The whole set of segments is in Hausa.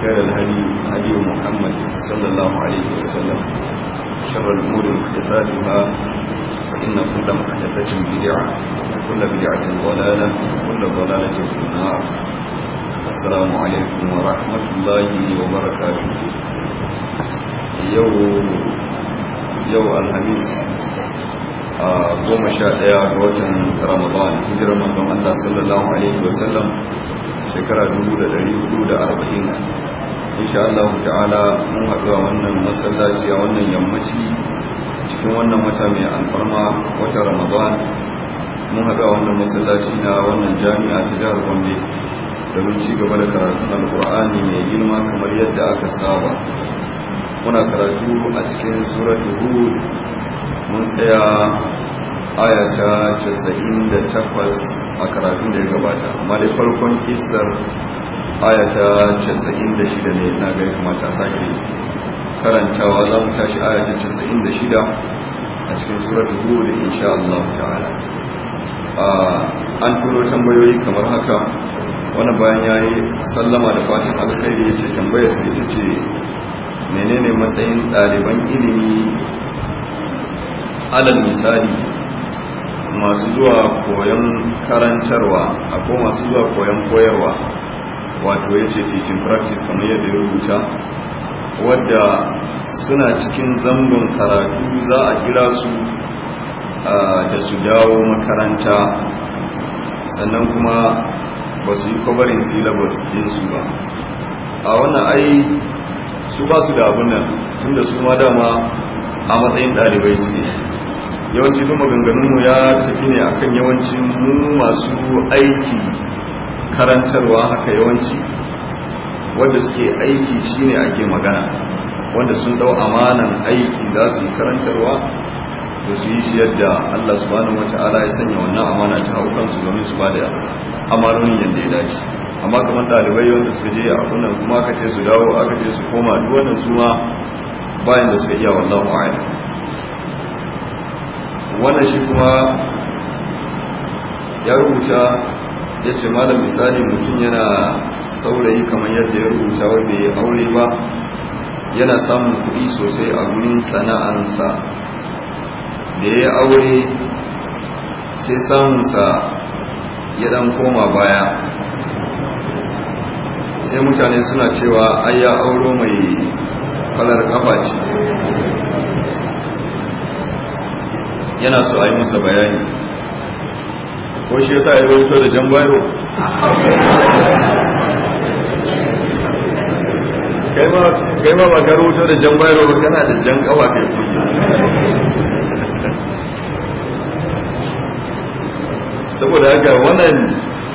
خير الهدي هدي محمد صلى الله عليه وسلم شر الأمور محدثاتها فإن كل محدثة بدعة وكل بدعة ضلالة وكل ضلالة في النار السلام عليكم ورحمة الله وبركاته يوم يوم الخميس goma sha ɗaya رمضان watan ramadan الله manzon Allah sallallahu alaihi wasallam shekara 1440 insha Allah ta'ala mun haɗu wannan masallaci a wannan yammaci cikin wannan wata mai alfarma wata Ramadan mun haɗu wannan masallaci na wannan jami'a ta jihar Gombe domin ci gaba da karatun Alƙur'ani mai girma kamar yadda aka saba muna karatu a cikin surat Hud mun tsaya aya ta 98 a karatun da ya gabata amma dai farkon kissar aya ta 96 ne na ga kamata ta sake karantawa za mu tashi aya ta 96 a cikin suratul hud insha Allah ta'ala an kuro tambayoyi kamar haka wani bayan ya yi sallama da fatan alkhairi ya ce tambayar sai ta ce menene matsayin ɗaliban ilimi alal misali masu zuwa koyon karantarwa ko masu zuwa koyon koyarwa wato ya ce teaching practice kamar yadda ya rubuta wadda suna cikin zangon karatu za a kira su da su dawo makaranta sannan kuma ba su yi kwabarin syllabus su ba a wannan ai su ba su da abin nan da su ma dama a matsayin ɗalibai su ne yawanci kuma ganganinmu ya tafi ne akan yawancin mu masu aiki karantarwa haka yawanci wanda suke aiki shine ake magana wanda sun dau amanan aiki za su karantarwa to su yi shi yadda Allah subhanahu wata'ala ya sanya wannan amana ta hau su domin su bada amanonin yadda ya dace amma kamar ɗalibai wanda suka je a kunan kuma aka ce su dawo aka ce su koma duk wannan su ma bayan da suka iya wallahu a'lam wannan shi kuma ya rubuta ya ce malam misali mutum yana saurayi kamar yadda ya rubuta wanda bai aure ba yana samun kuɗi sosai a gurin sana'ansa da ya aure sai samunsa ya ɗan koma baya sai mutane suna cewa ai ya auro mai kalar kafa ce yana so a yi masa bayani ko shi yasa ya rubuta da jan bayo kai ma ba ka rubuta da jan bayo ba kana da jan kawafe kuɗi saboda haka wannan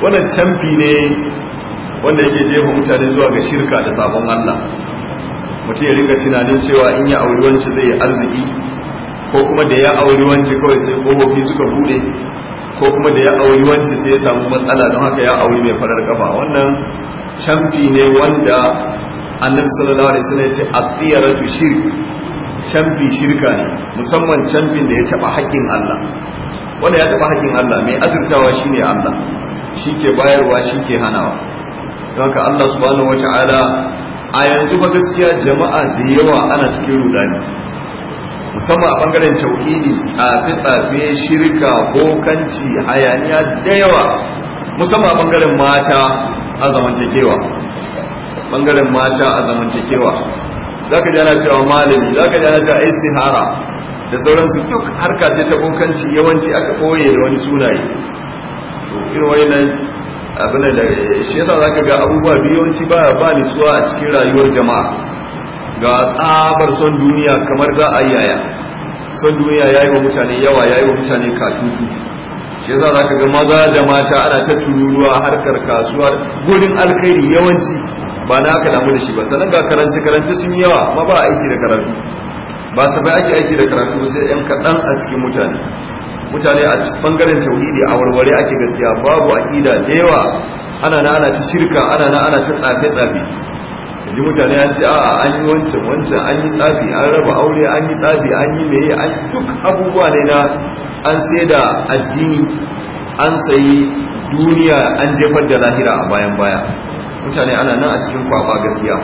wannan canfi ne wanda yake jefa mutane zuwa ga shirka da sabon Allah mutum ya rika tunanin cewa in ya auri wancan zai yi arziki ko kuma da ya auri wanci kawai sai kofofi suka bude ko kuma da ya auri wanci sai ya samu matsala don haka ya auri mai farar kafa wannan canfi ne wanda annabi sallallahu alaihi wasallam ya ce shirk canfi shirka ne musamman canfin da ya taba haƙƙin Allah wanda ya taba haƙƙin Allah mai azurtawa shine Allah shi ke bayarwa shi ke hanawa don haka Allah subhanahu wata'ala a yanzu ba gaskiya jama'a da yawa ana cikin rudani musamman a bangaren tauhidi tsafi tsafe shirka bokanci hayaniya da yawa musamman a bangaren mata a zamantakewa bangaren mata a zamantakewa za ka jana cewa malami za ka jana cewa istihara da sauransu duk harka ce ta bokanci yawanci aka koye da wani sunaye to irin wannan abin da shi yasa za ka ga abubuwa biyu yawanci ba ba nutsuwa a cikin rayuwar jama'a ga tsabar son duniya kamar za a yaya son duniya ya yi wa mutane yawa ya yi wa mutane katutu shi yasa za ka ga maza da mata ana ta tururuwa harkar kasuwar gudun alkhairi yawanci ba na aka damu da shi ba sannan ga karance karance sun yi yawa ma ba aiki da karatu ba su bai ake aiki da karatu sai yan kaɗan a cikin mutane mutane a bangaren tauhidi a warware ake gaskiya babu aƙida da yawa ana na ana ta shirka ana na ana ta tsafe tsafe yi mutane ya ce a an yi wancan wancan an yi tsafi an raba aure an yi tsafi an yi meye an duk abubuwa ne na an sai da addini an sayi duniya an jefar da lahira a bayan baya mutane ana nan a cikin kwakwa gaskiya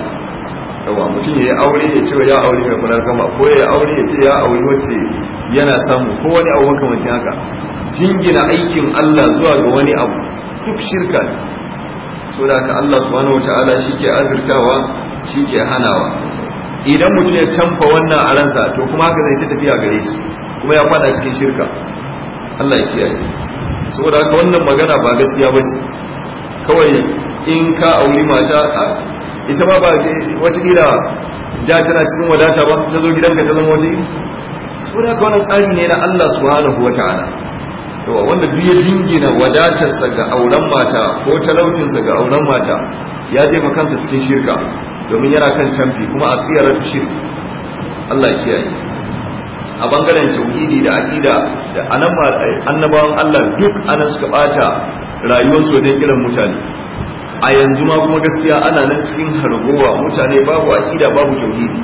yawa mutum ya yi aure ya ce ya aure mai kunar gama ko ya yi aure ya ce ya aure wacce yana samu ko wani abu makamancin haka jingina aikin Allah zuwa ga wani abu duk shirka ne so ka Allah subhanahu wataala shike azurtawa shike hanawa idan mutum ya canfa wannan a ransa to kuma haka zai ta tafiya gare shi kuma ya fada cikin shirka Allah ya kiyaye saboda haka wannan magana ba gaskiya ba ce kawai in ka auri mata ita ma ba wata kila da tana cikin wadata ba ta zo gidanka ta zama wata yi. saboda haka wannan tsari ne na Allah subhanahu wataala to wanda duk ya dingina wadatarsa ga auren mata ko talaucinsa ga auren mata ya jefa kansa cikin shirka domin yana kan canfi kuma a tsiyarar shirki Allah ya kiyaye a bangaren tauhidi da aqida da annabawan Allah duk anan suka bata rayuwar su wajen kiran mutane a yanzu ma kuma gaskiya ana nan cikin hargowa mutane babu aqida babu tauhidi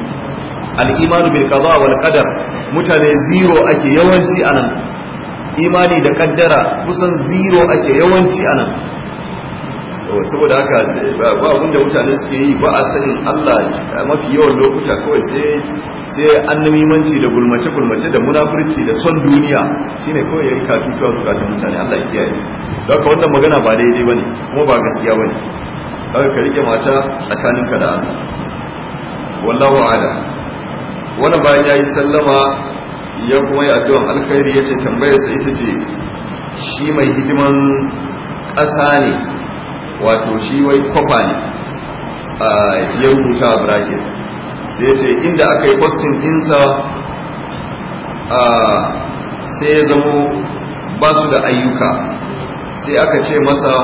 al-imanu bil qada wal qadar mutane zero ake yawanci anan imani da kaddara kusan zero ake yawanci a nan saboda haka ba abun da mutane suke yi ba a sanin Allah mafi yawan lokuta kawai sai sai annamimanci da gulmace gulmace da munafurci da son duniya shine kawai yayi katutuwa zukatan mutane Allah ya kiyaye ka wannan magana ba daidai bane kuma ba gaskiya bane haka ka rike mata tsakaninka da Allah wallahu a'lam wannan bayan yayi sallama ya kuma yi addu'an alkhairi ya ce tambayarsa ita ce shi mai hidiman ƙasa ne wato shi wai kwafa ne ya kuta a bracket sai ce inda aka yi postin ɗinsa sai ya zamo ba su da ayyuka sai aka ce masa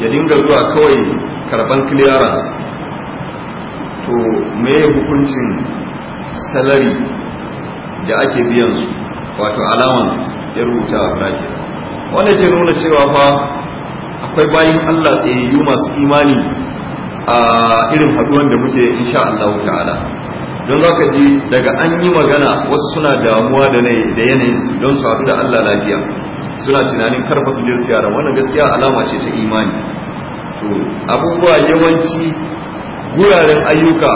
ya dinga zuwa kawai karban clearance to me hukuncin salari da ake biyan su wato allowance ya rubuta a bracket wanda ke nuna cewa fa akwai bayan Allah tsaye yi masu imani a irin haduwan da muke insha Allah ta'ala don za ka ji daga an yi magana wasu suna damuwa da yanayin su don su haɗu da Allah lafiya suna tunanin karfa su je su wannan gaskiya alama ce ta imani to abubuwa yawanci guraren ayyuka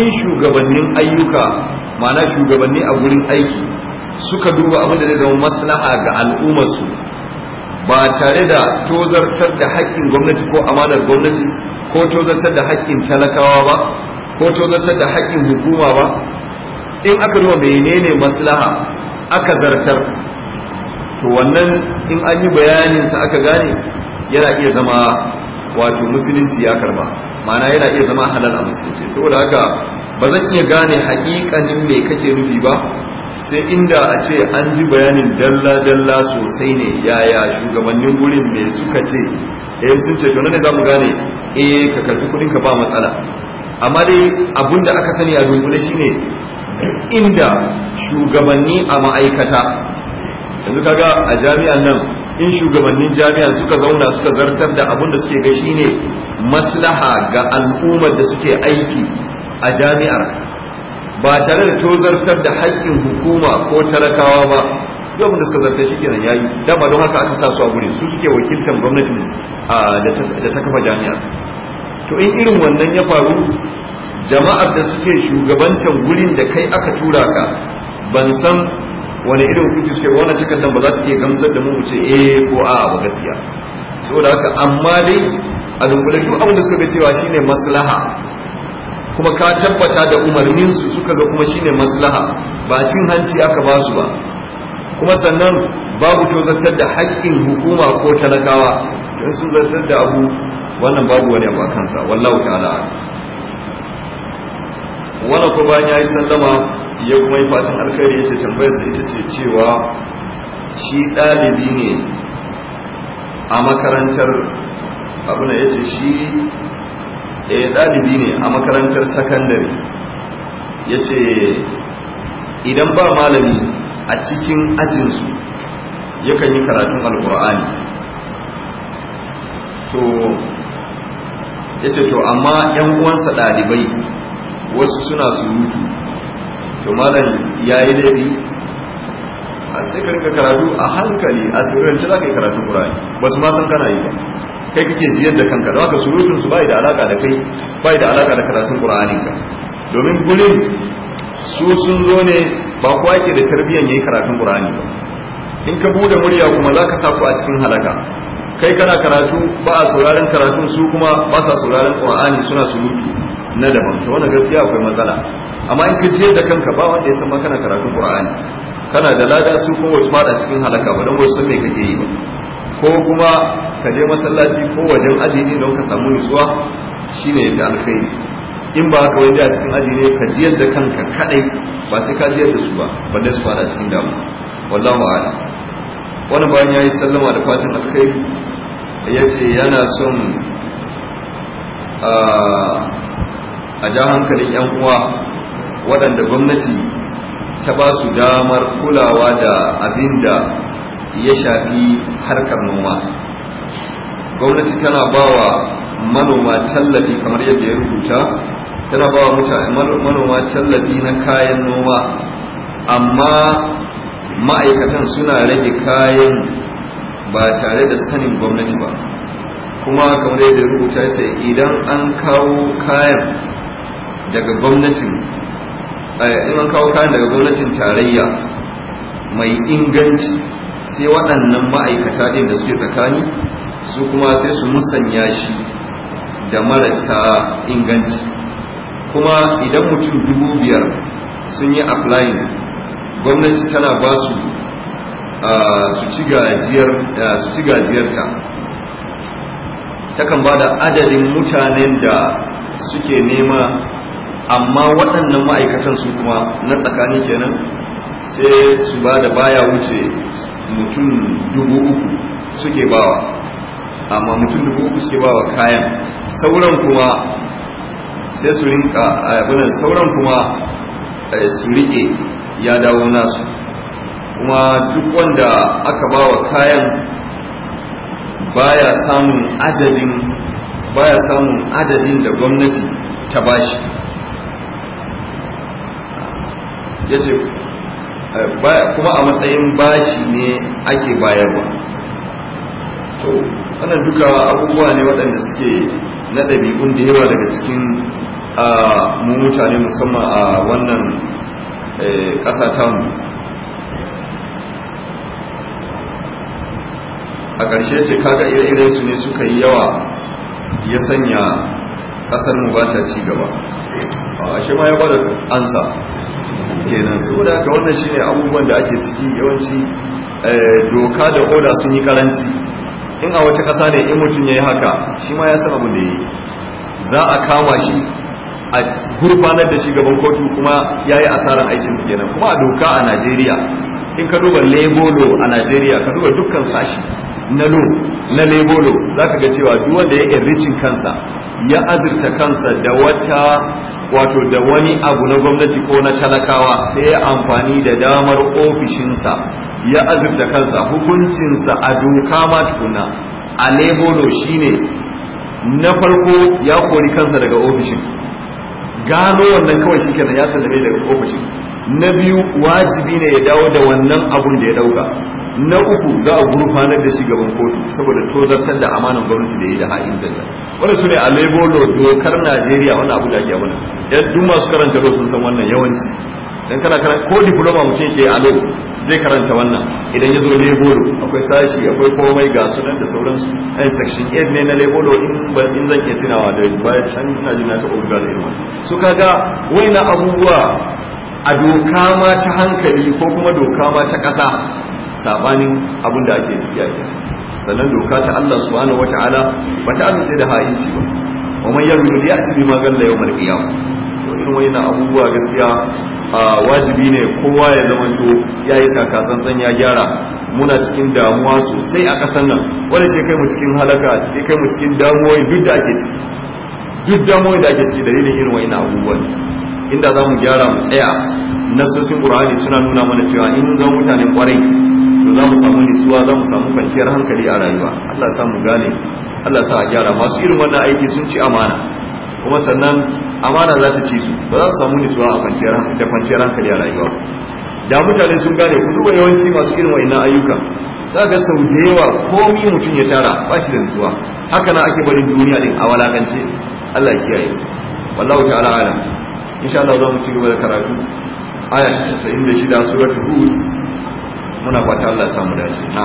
in shugabannin ayyuka ma'ana shugabanni a gurin aiki suka duba abin da zai zama maslaha ga al'ummarsu ba tare da tozartar da haƙƙin gwamnati ko amanar gwamnati ko tozartar da haƙƙin talakawa ba ko tozartar da haƙƙin hukuma ba in aka duba menene maslaha aka zartar to wannan in an yi bayaninsa aka gane yana iya zama wato musulunci ya karba ma'ana yana iya zama halal a musulunci saboda haka ba zan iya gane haƙiƙanin me kake nufi ba sai inda a ce an ji bayanin dalla-dalla sosai ne yaya shugabannin gurin me suka ce eh sun ce ne za mu gane eh ka karfi kudin ka ba matsala amma dai abun da aka sani a dunkule shine inda shugabanni a ma'aikata yanzu kaga a jami'an nan in shugabannin jami'an suka zauna suka zartar da abun da suke ga ne maslaha ga al'ummar da suke aiki a jami'ar ba tare da tozartar da haƙƙin hukuma ko talakawa ba yau mun suka zarta shi kenan yayi ba don haka aka sa su a gurin su suke wakiltar gwamnatin da ta kafa jami'ar to in irin wannan ya faru jama'ar da suke shugabantan gurin da kai aka tura ka ban san wani irin hukunci suke wannan takardar ba za su iya gamsar da mu mu ce eh ko a ba gaskiya saboda haka amma dai a dunkule duk abin da suka ga cewa shine maslaha kuma ka tabbata da umarnin su suka ga kuma shine maslaha ba cin hanci aka ba su ba kuma sannan babu to zartar da haƙƙin hukuma ko talakawa don sun zartar da abu wannan babu wani abu a kansa wallahu ta'ala wannan ko bayan ya yi sallama ya kuma yi fatan alkhairi ya ce tambayarsa ita ce cewa shi ɗalibi ne a makarantar abu na ya shi eh ɗalibi ne a makarantar sakandare ya ce idan ba malami a cikin ajinsu yakan yi karatun alkur'ani to ya ce to amma 'yan uwansa ɗalibai wasu suna surutu to malami ya yi laifi a sai ka karatu a hankali a sirrance za ka yi karatun ƙur'ani ba su ma san kana yi ba kai kake jiyar da kanka don haka surutun su bai da alaka da kai bai da alaka da karatun qur'ani ka domin gurin su sun zo ne ba ku yake da tarbiyan yayin karatun qur'ani ba in ka bude murya kuma za ka ku a cikin halaka kai kana karatu ba a sauraron karatun su kuma ba sa sauraron qur'ani suna surutu na daban to wannan gaskiya akwai matsala amma in ka jiyar da kanka ba wanda ya san ma kana karatun qur'ani kana da lada su kuma wasu fada cikin halaka ba don wasu san me kake yi ba ko kuma ka je masallaci ko wajen aji ne don ka samu nutsuwa shine yadda fi in ba haka wani a cikin aji ne ka ji yadda kanka kadai ba sai ka jiyar da su ba balle su fara cikin damu wallahu a'ala wani bayan yayi sallama da fatan ya ce yana son a ja hankalin yan uwa waɗanda gwamnati ta ba su damar kulawa da abin da ya shafi harkar noma gwamnati tana ba wa manoma tallafi kamar yadda ya rubuta tana ba wa manoma tallafi na kayan noma amma ma'aikatan suna rage kayan ba tare da sanin gwamnati ba kuma kamar yadda ya rubuta ce idan an kawo kayan daga gwamnatin eh, an kawo kayan daga gwamnatin tarayya mai inganci sai waɗannan ma'aikata ɗin da suke tsakani su kuma sai su musanya shi da marasa inganci kuma idan mutum dubu biyar sun yi applying gwamnati tana ba su su ci gajiyarta takan ba da adadin mutanen da suke nema amma waɗannan ma'aikatan su kuma na tsakani kenan sai su ba da baya wuce mutum dubu uku suke bawa amma mutum dubu uku suke wa kayan sauran kuma sai su rinka abinan sauran kuma eh, su rike ya dawo nasu kuma duk wanda aka ba wa kayan baya samun adadin baya samun adadin da gwamnati ta bashi ya ce eh, kuma a matsayin bashi ne ake bayarwa wannan duka abubuwa ne waɗanda suke na ɗabi'un da yawa daga cikin a mutane musamman a wannan e, ƙasa mu a ƙarshe ce kaga ire su ne suka yi yawa ya sanya ƙasar mu ba ta ci gaba a ashe ma ya bada ansa kenan saboda haka wannan shine abubuwan da ake ciki yawanci e, doka da oda sun yi karanci in a wata ƙasa ne in mutum ya yi haka shi ma ya san abin da ya yi za a kama shi a gurbanar da shi gaban kotu kuma ya yi asarar aikin kenan kuma a doka a najeriya in ka duba lebolo a najeriya ka duba dukkan sashi na lo na lebolo za ka ga cewa duk wanda ya cin kansa ya azurta kansa da wata wato da wani abu na gwamnati ko na talakawa sai ya amfani da damar ofishinsa ya azurta kansa hukuncinsa a doka ma tukuna a lebolo shine na farko ya kori kansa daga ofishin gano wannan kawai shi kenan ya sallame daga ofishin na biyu wajibi ne ya dawo da wannan abun da ya dauka na uku za a gurfanar da shi gaban kotu saboda tozartar da amanar gwamnati da yi da ha'in zanda wani su ne a labor dokar najeriya wani abu da ya mana yan duk masu karanta law sun san wannan yawanci dan kana kana ko diploma mutum ke a law zai karanta wannan idan ya zo labor akwai sashi akwai komai ga su nan da sauransu an section 8 ne na labor in in zan iya tunawa da baya can ina jin na ta da ilma su kaga waina abubuwa a doka ma ta hankali ko kuma doka ma ta kasa sabanin abin da ake tafiya sannan doka ta Allah subhanahu wata'ala ba ta amince da ha'inci ba wa man yarmi da ya'ti bima galla yawmal qiyam to irin wannan abubuwa gaskiya wajibi ne kowa ya zama to yayi ya gyara muna cikin damuwa sosai a kasan nan wanda ce kai mu cikin halaka kai mu cikin damuwoyi duk da ake ciki duk damuwoyi da ake ciki dalilin irin wannan abubuwa inda za mu gyara mu tsaya nasosin qur'ani suna nuna mana cewa in zama mutanen kwarai to za mu samu nutsuwa za mu samu kwanciyar hankali a rayuwa Allah sa mu gane Allah sa a gyara masu irin wannan aiki sun ci amana kuma sannan amana za ta ci su ba za su samu nutsuwa a kwanciyar da kwanciyar hankali a rayuwa da mutane sun gane ku duba yawanci masu irin wa'annan ayyuka za ka sau da yawa komi mutum ya tara ba shi da nutsuwa haka na ake barin duniya din a walakance Allah ya kiyaye wallahu ta'ala alam insha Allah za mu ci gaba da karatu aya 96 suratul hud muna fata Allah samu dace na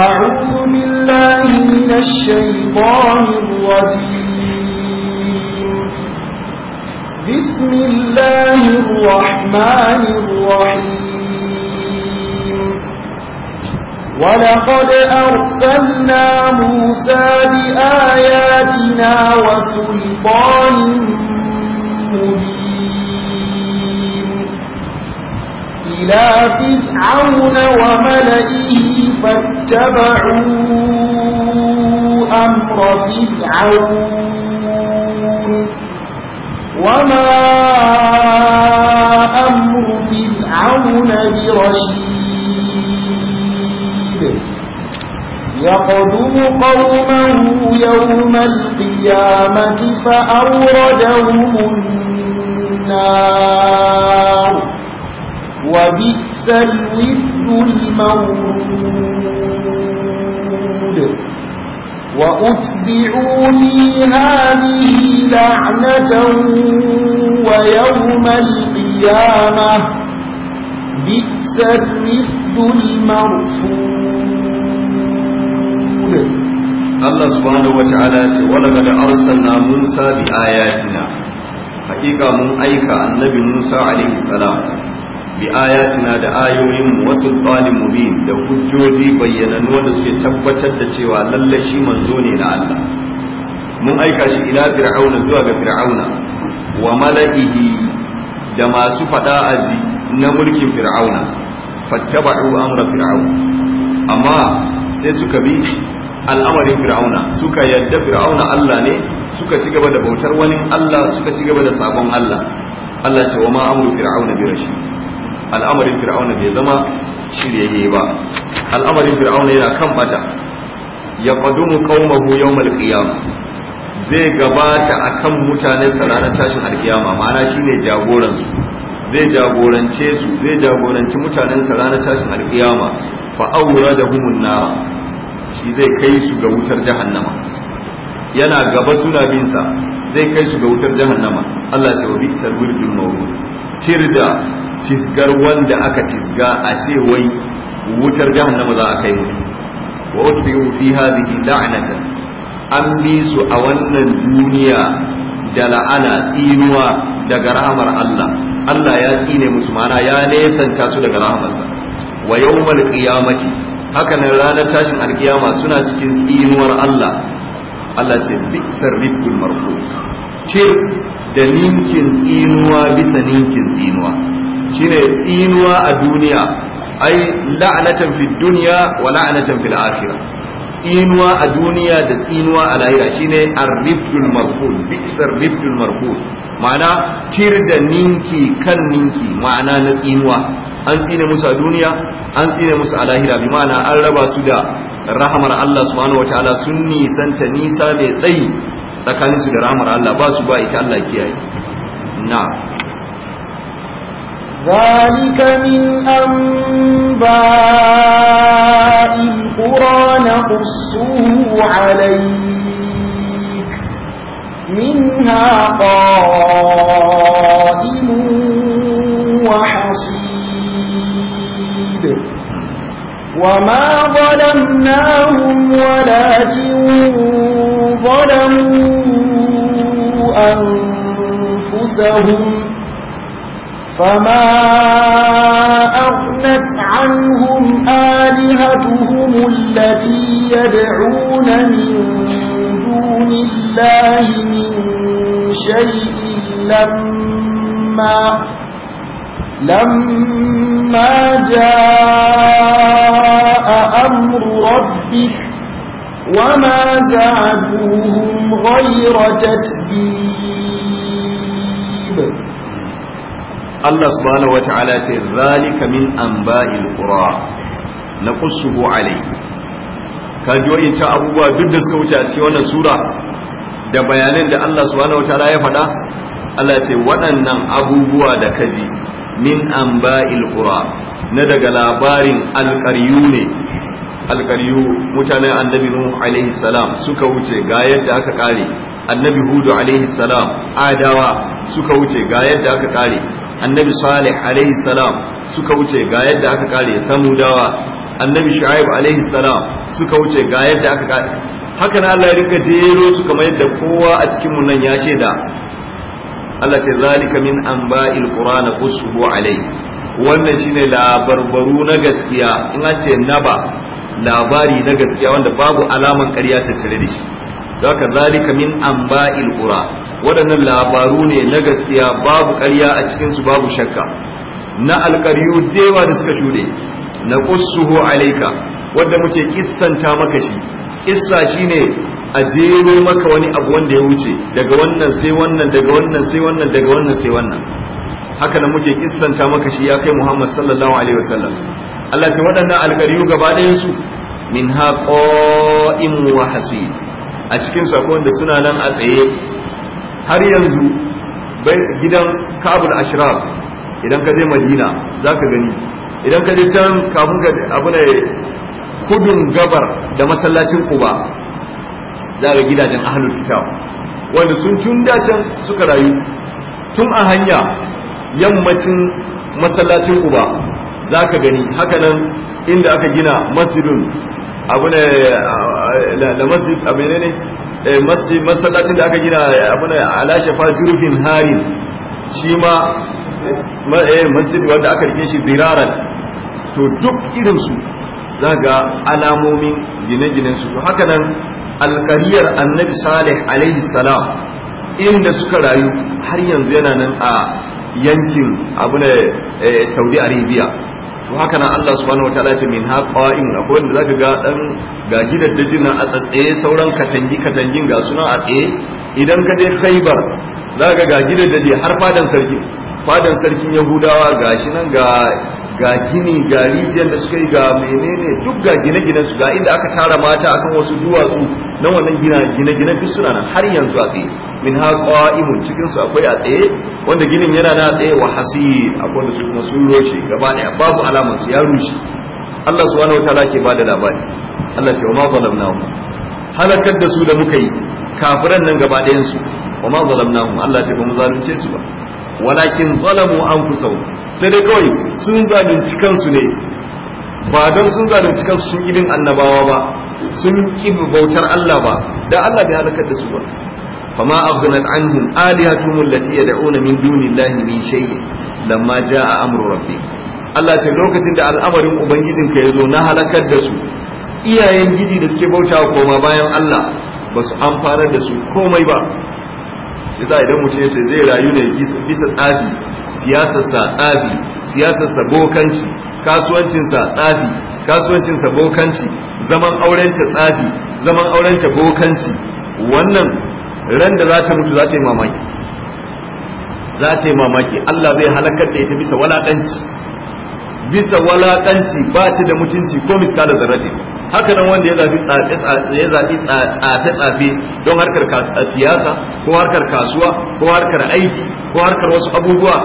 a'udhu billahi minash shaytanir rajim bismillahir musa bi ayatina wa sulbanin إلى فرعون وملئه فاتبعوا أمر فرعون وما أمر فرعون برشيد يقدم قومه يوم القيامة فأوردهم النار وبئس الود المولود وأتبعوني هذه لعنة ويوم القيامة بئس الرفد المرفود Allah subhanahu wa ta'ala ce wala gada arsalna Musa bi ayatina hakika mun aika annabi Musa bi ayatina da ayoyin wasu tsalim mubin da hujjoji bayyana wanda suke tabbatar da cewa lalle shi manzo ne na Allah mun aika shi ila fir'auna zuwa ga fir'auna wa mala'ihi da masu fada aji na mulkin fir'auna fattaba'u amra fir'auna amma sai suka bi al'amarin fir'auna suka yadda fir'auna Allah ne suka ci gaba da bautar wani Allah suka ci gaba da sabon Allah Allah ce wa amru fir'auna bi rashid al'amarin fir'auna bai zama shiryayye ba al'amarin fir'auna yana kan bata ya qadumu qaumahu yawmal qiyamah zai gabata akan mutanen sa tashin alkiyama ma'ana shine jagoran su zai jagorance su zai jagoranci mutanen sa tashin alkiyama fa humun nar shi zai kai su ga wutar jahannama yana gaba suna bin sa zai kai su ga wutar jahannama Allah ya wabi sarbir jurnawu tirda tisgar wanda aka tisga a ce wai wutar jahannama za a kai mu wa utbi'u fi hadhihi la'natan an bi su a wannan duniya da la'ana tsinuwa daga rahamar Allah Allah ya tsine musu mana ya nesanta su daga rahamarsa wa yawmal qiyamati haka nan ranar tashin alkiyama suna cikin tsinuwar Allah Allah ce bi'sar rifqul marfu ce da ninkin tsinuwa bisa ninkin tsinuwa shine tsinuwa a duniya ai la'anatan fi dunya wa la'anatan fil akhirah tsinuwa a duniya da tsinuwa a lahira shine ar-rifdul marfud bi'sar rifdul marfud ma'ana tir da ninki kan ninki ma'ana na tsinuwa an tsine musu a duniya an tsine musu a lahira bi ma'ana an raba su da rahamar Allah subhanahu wataala sun nisanta nisa mai tsayi tsakaninsu da rahamar Allah ba su ba ita Allah kiyaye na ذلك من أنباء القرى نقصه عليك منها قائم وحصيد وما ظلمناهم ولكن ظلموا أنفسهم فما أغنت عنهم آلهتهم التي يدعون من دون الله من شيء لما لما جاء أمر ربك وما زادوهم غير تتبير Allah subhanahu wa ta'ala ce zalika min anba'il qura naqussuhu alayhi ka ji wa'in abubuwa duk da suka wuce a cikin wannan sura da bayanan da Allah subhanahu wa ta'ala ya faɗa Allah ce waɗannan abubuwa da kaji min anba'il qura na daga labarin alƙaryu ne alƙaryu mutanen annabi nuhu alaihi salam suka wuce ga yadda aka kare annabi hudu alaihi salam adawa suka wuce ga yadda aka kare annabi salih alaihi salam suka wuce ga yadda aka kare samudawa annabi shu'aib alaihi salam suka wuce ga yadda aka kare haka na Allah ya rinka jero su kamar yadda kowa a cikin mu nan ya da. Allah ta zalika min anba'il qur'ana qusubu alai wannan shine labarbaru na gaskiya in an ce naba labari na gaskiya wanda babu alaman ƙarya tattare da shi zaka zalika min anba'il qura waɗannan labaru ne na gaskiya babu ƙarya a cikinsu babu shakka na alƙaryu dewa da suka shuɗe na ƙusuhu alaika wadda muke kissanta maka shi kissa shine a jero maka wani abu wanda ya wuce daga wannan sai wannan daga wannan sai wannan daga wannan sai wannan haka nan muke kissanta maka shi ya kai Muhammad sallallahu alaihi wasallam Allah ta waɗannan alƙaryu gaba ɗayan su min ha qa'im wa hasid a cikin su akwai wanda suna nan a tsaye har yanzu gidan kabul ashraf idan ka je madina za ka gani idan ka je can kafin ka abu ne kudun gabar da masallacin kuba za ga gidajen ahlul kitab wanda sun tun can suka rayu tun a hanya yammacin masallacin kuba za ka gani hakanan inda aka gina masjidun abu ne eh, eh, da masjid a ne Eh, masallacin da aka gina eh, abuna ala shafa jirgin harin shi ma eh, masjid wanda aka rike shi ziraran to duk irinsu za ga alamomin gine-ginensu to haka nan alkariyar annabi salih alaihi salam inda suka rayu har yanzu yana nan a yankin abuna saudi arabia to haka nan Allah subhanahu wataala ce min haqa in akwai wanda zaka ga dan ga gidaddajin nan a tsatsaye sauran katangi katangin ga suna a tsaye idan ka je Khaibar zaka ga daji har fadan sarki fadan sarkin Yahudawa gashi nan ga ga gini ga rijiyar da suka yi ga menene duk ga gine gine su ga inda aka tara mata akan wasu duwatsu na wannan gine-gine duk suna nan har yanzu a tsaye min ha qa'imun cikin su akwai a tsaye wanda ginin yana na tsaye wa hasid akwai da su kuma sun roshe gaba ɗaya babu alamar su ya rushe Allah subhanahu wataala ke bada labari Allah ke wa ma zalamnahum halakar da su da muka yi kafiran nan gaba ɗayan su wa ma zalamnahum Allah ce ba mu zalunce su ba walakin zalamu anfusahum sai dai kawai sun zalunci kansu ne ba don sun zalunci kansu sun yi bin annabawa ba sun kibi bautar Allah ba da Allah bai halaka da su ba fama afghanat anhum alihatuhum allati yad'una min dunillahi min shay'in lamma jaa amru rabbi Allah ce lokacin da al'amarin ubangijin ya zo na halakar da su iyayen gidi da suke bauta koma bayan Allah ba su amfanar da su komai ba shi idan mutum ya ce zai rayu ne bisa tsafi siyasarsa tsafi siyasarsa bokanci kasuwancinsa tsafi kasuwancinsa bokanci zaman aurenta tsafi zaman aurenta bokanci wannan ran da za ta mutu za ta yi mamaki za ta yi mamaki Allah zai halakar da ita bisa walakanci bisa walakanci ba ta da mutunci ko miskala zarrati haka nan wanda ya zabi tsafe tsafe don harkar siyasa ko harkar kasuwa ko harkar aiki ko harkar wasu abubuwa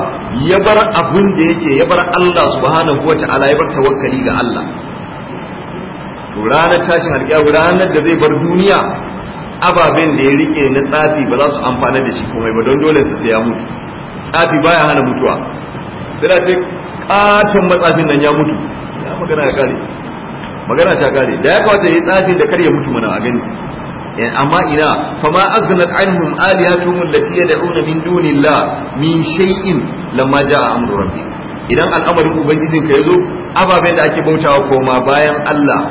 ya bar abun da yake ya bar Allah subhanahu wata'ala ya bar tawakkali ga Allah to ranar tashin harkiya ranar da zai bar duniya ababen da ya rike na tsafi ba za su amfana da shi komai ba don dole su sai ya mutu tsafi baya hana mutuwa sai katon matsafin nan ya mutu ya magana ya kare magana ta kare da ya kawata ya tsafi da kar ya mutu mana a gani eh, amma ina fama aghnat da fiye da yad'una min dunillah min shay'in lamma a amru rabbi idan al'amarin ubangijin ka yazo ababen da ake bautawa koma bayan Allah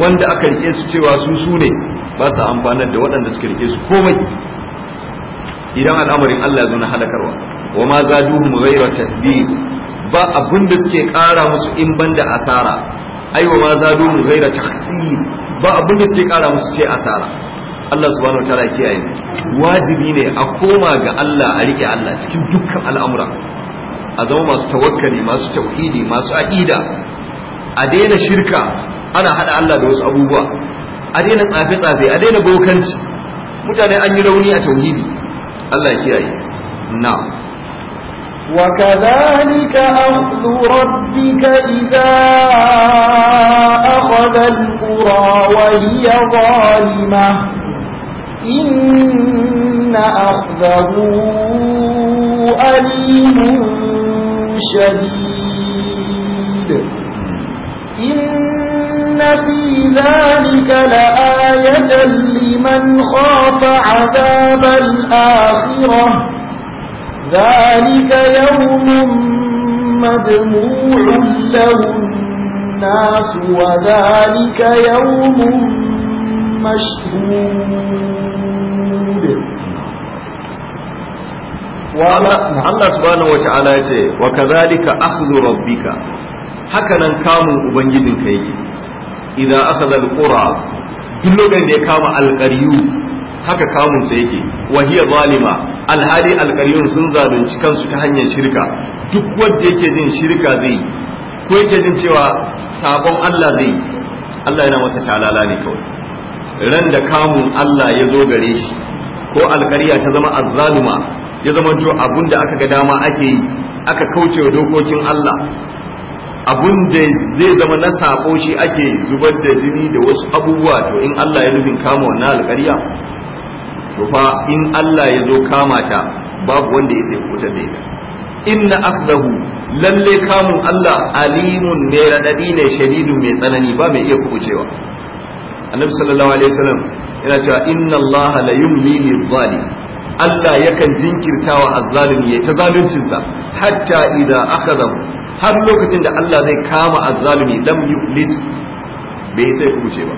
wanda aka rike su cewa su su ne ba su amfanar da waɗanda suka rike su komai idan al'amarin Allah ya zo na halakarwa wa ma mu ghayra tasbih ba abun da suke kara musu in banda asara aiwa ma zadu mu gaira taksir ba abun da suke kara musu sai asara Allah subhanahu wataala ya kiyaye wajibi ne a koma ga Allah a rike Allah cikin dukkan al'amura a zama masu tawakkali masu tauhidi masu aqida a daina shirka ana hada Allah da wasu abubuwa a daina tsafe tsafe a daina bokanci mutane an yi rauni a tauhidi Allah ya kiyaye na'am وكذلك أخذ ربك إذا أخذ القرى وهي ظالمة إن أخذه أليم شديد إن في ذلك لآية لمن خاف عذاب الآخرة ذلك يوم مجموع له الناس وذلك يوم مشهود Allah subhanahu wa ta'ala ya ce wa kadhalika akhdhu rabbika hakanan kamun ubangijinka yake idan aka alqura duk lokacin da ya kama alqariyu haka kamun sa yake wa hiya zalima alhali alqaryun sun zalunci kansu ta hanyar shirka duk wanda yake jin shirka zai ko yake jin cewa sabon Allah zai Allah yana masa talala ne kawai ran da kamun Allah ya zo gare shi ko alƙarya ta zama azzalima ya zama to abun da aka ga dama ake yi aka kauce wa dokokin Allah abun da zai zama na sako shi ake zubar da jini da wasu abubuwa to in Allah ya nufin kama wannan alƙarya to fa in Allah ya zo kama ta babu wanda ya sai kutar da ita inna akhdahu lalle kamun Allah alimun ne radadi ne shadidun mai tsanani ba mai iya kubucewa annabi sallallahu alaihi wasallam yana cewa inna Allah la yumli lil Allah yakan jinkirtawa azzalimi ya ta zaluncin sa hatta idza akhadahu har lokacin da Allah zai kama azzalimi lam yuflit bai sai kubuce ba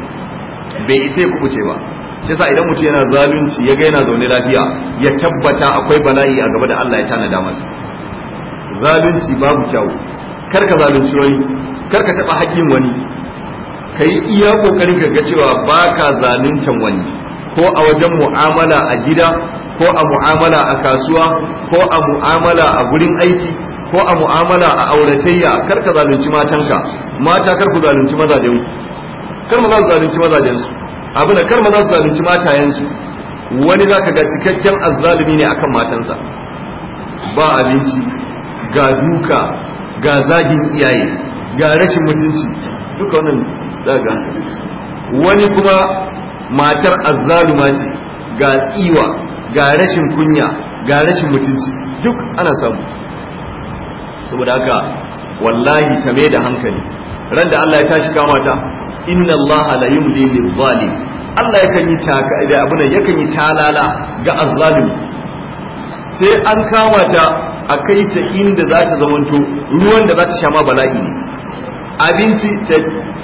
bai sai kubuce ba shi yasa idan mutum yana zalunci ya ga yana zaune lafiya ya tabbata akwai bala'i a gaba da Allah ya tanada masa zalunci babu kyau kar ka zalunci wani kar ka taba haƙƙin wani ka yi iya kokarin ka ga cewa baka zaluntan wani ko a wajen mu'amala a gida ko a mu'amala a kasuwa ko a mu'amala a gurin aiki ko a mu'amala a auratayya kar ka zalunci matanka mata kar ku zalunci mazajen kar mu zalunci mazajen su abin da kar maza su zalunci matayensu wani za ka ga cikakken azzalumi ne akan matansa ba abinci ga duka ga zagin iyaye ga rashin mutunci duka wannan daga wani kuma matar azzaluma ce ga tsiwa ga rashin kunya ga rashin mutunci duk ana samu saboda haka wallahi ta mai da hankali ran da Allah ya tashi kama ta inna allaha la yumli lil zalim Allah yakan yi taka da abuna yakan yi talala ga azzalim sai an kama ta a kai ta inda za ta zamanto ruwan da za ta sha ma bala'i ne abinci ta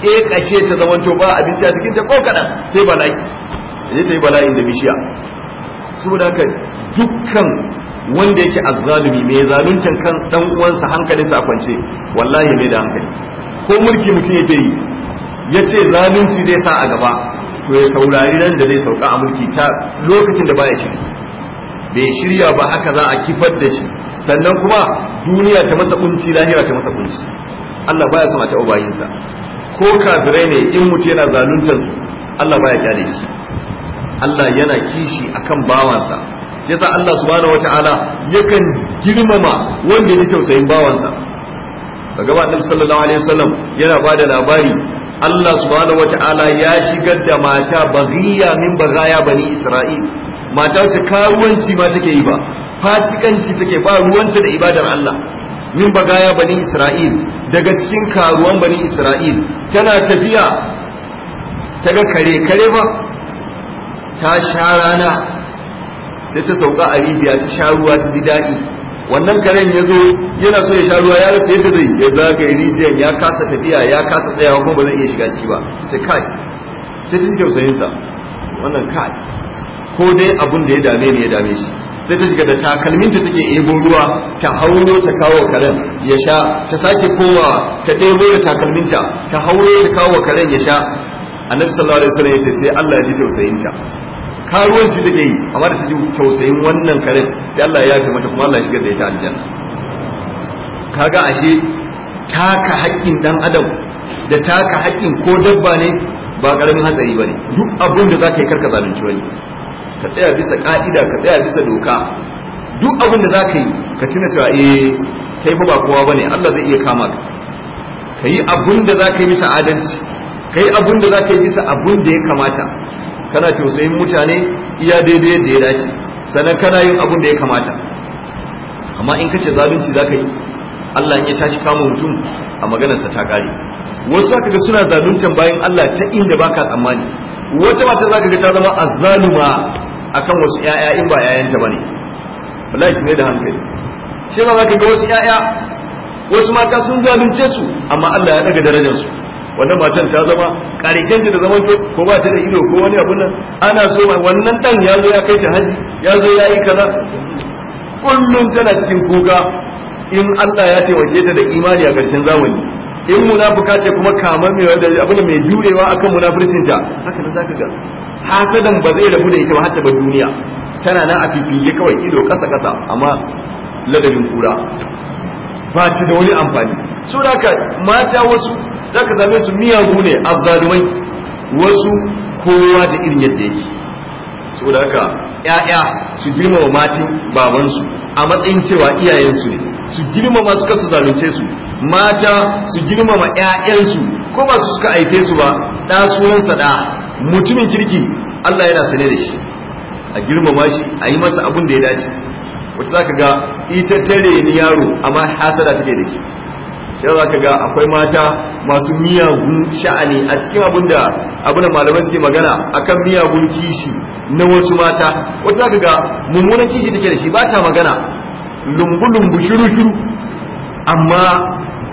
kekashe ta zamanto ba abinci a cikin ta ko kadan sai bala'i Sai ta yi da bishiya saboda haka dukkan wanda yake azzalumi mai zaluntan kan dan uwansa hankalinsa a kwance wallahi mai da hankali ko mulki mutum yake yi ya ce zalunci zai sa a gaba to ya saurari nan da zai sauka a mulki ta lokacin da baya shiri bai shirya ba haka za a kifar da shi sannan kuma duniya ta masa kunci lahira ta masa kunci Allah baya son a bayinsa ko kafirai ne in mutu yana zaluntar su Allah baya kyale shi Allah yana kishi akan bawansa yasa Allah subhanahu wata'ala yakan girmama wanda ya tausayin bawansa daga ba annabi sallallahu alaihi wasallam yana bada labari Allah subhanahu ta'ala ya shigar da mata baghiya min baghaya bani Isra'il mata ta karuwanci ma take yi ba fasikanci take ba ruwanta da ibadar Allah min baghaya bani Isra'il daga cikin karuwan bani Isra'il tana tafiya ta ga kare kare ba ta sha rana sai ta sauka a rijiya ta sha ruwa ta ji daɗi wannan karen ya zo yana so ya sha ruwa ya rasa yadda zai ya yi rijiyar ya kasa tafiya ya kasa tsayawa kuma ba zai iya shiga ciki ba sai kai sai ta ji tausayinsa wannan kai ko dai abun da ya dame ne ya dame shi sai ta shiga da takalminta take ebo ruwa ta hauro ta kawo karen ya sha ta sake kowa ta ɗebo da takalminta ta hauro ta kawo karen ya sha annabi sallallahu alaihi wasallam ce sai Allah ya ji tausayinta karuwanci take yi amma da ta ji tausayin wannan karen sai Allah ya yafe mata kuma Allah shiga shigar da ita aljanna kaga ashe taka haƙƙin dan adam da taka haƙƙin ko dabba ne ba karamin hatsari ba ne, duk abin da ka yi karka zalunci wani ka tsaya bisa ka'ida ka tsaya bisa doka duk abin da ka yi ka tuna cewa eh kai fa ba kowa ba ne, Allah zai iya kama ka yi abin da ka yi bisa adalci yi abin da ka yi bisa abin da ya kamata kana tausayin mutane iya daidai yadda ya dace sannan kana yin abin da ya kamata amma in kace zalunci zaka yi Allah ya tashi kama mutum a maganarsa ta kare wasu zaka ga suna zaluntan bayan Allah ta inda baka tsammani wata mata zaka ga ta zama azzaluma akan wasu yaya in ba ta bane wallahi ne da hankali shi zaka ga wasu 'ya'ya wasu mata sun zalunce su amma Allah ya daga darajar su wannan matan ta zama karshen da zaman to ko ba ta da ido ko wani abu nan ana so wannan dan ya zo ya kai ta haji ya zo ya yi kaza kullum tana cikin kuka in Allah ya taimake ta da imani a karshen zamani in munafuka ce kuma kamar mai wanda abin mai jurewa akan munafurcin ta haka nan zaka ga hasadan ba zai rabu da ita ba hatta ba duniya tana nan a fifiye kawai ido kasa kasa amma ladabin kura ba da wani amfani so da ka mata wasu za ka zame su miyagu ne azzalumai wasu kowa da irin yadda yake so da ka ya'ya su girmama matan babansu a matsayin cewa iyayensu ne su girmama su kasu zalunce su mata su girmama 'ya'yansu ko ba su suka aike su ba ɗa sunansa ɗa mutumin kirki Allah yana sane da shi a girmama shi a yi masa abin da ya dace wata za ka ga ita tare ni yaro amma hasada take da shi sai za ka ga akwai mata masu miyagun sha'ani a cikin abin da abin da malamai suke magana akan miyagun kishi na wasu mata wata za ka ga mummunan kishi take da shi ba ta magana lumbu-lumbu shiru-shiru amma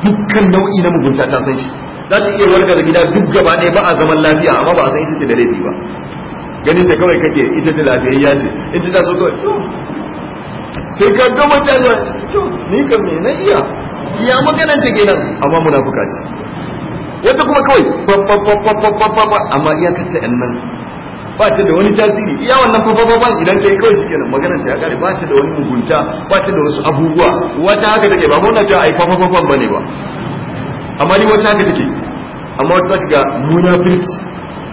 dukkan nau'i na mugunta ta san shi za ta iya warga da gida duk gaba ɗaya ba a zaman lafiya amma ba a san ita ce da laifi ba ganin ta kawai kake ita ce lafiyayya ce ita ta so kawai sai ka ga mutane ni ka mena na iya ya magana ta gina amma muna bukaci. wata kuma kawai babba amma iya ta yan nan ba ta da wani tasiri iya wannan fafafaban idan ta yi kawai shi kenan magana ta ya kare ba ta da wani mugunta ba ta da wasu abubuwa wata haka take ba muna cewa ai fafafafan ba ne ba amma ni wata haka take amma wata ga munafirci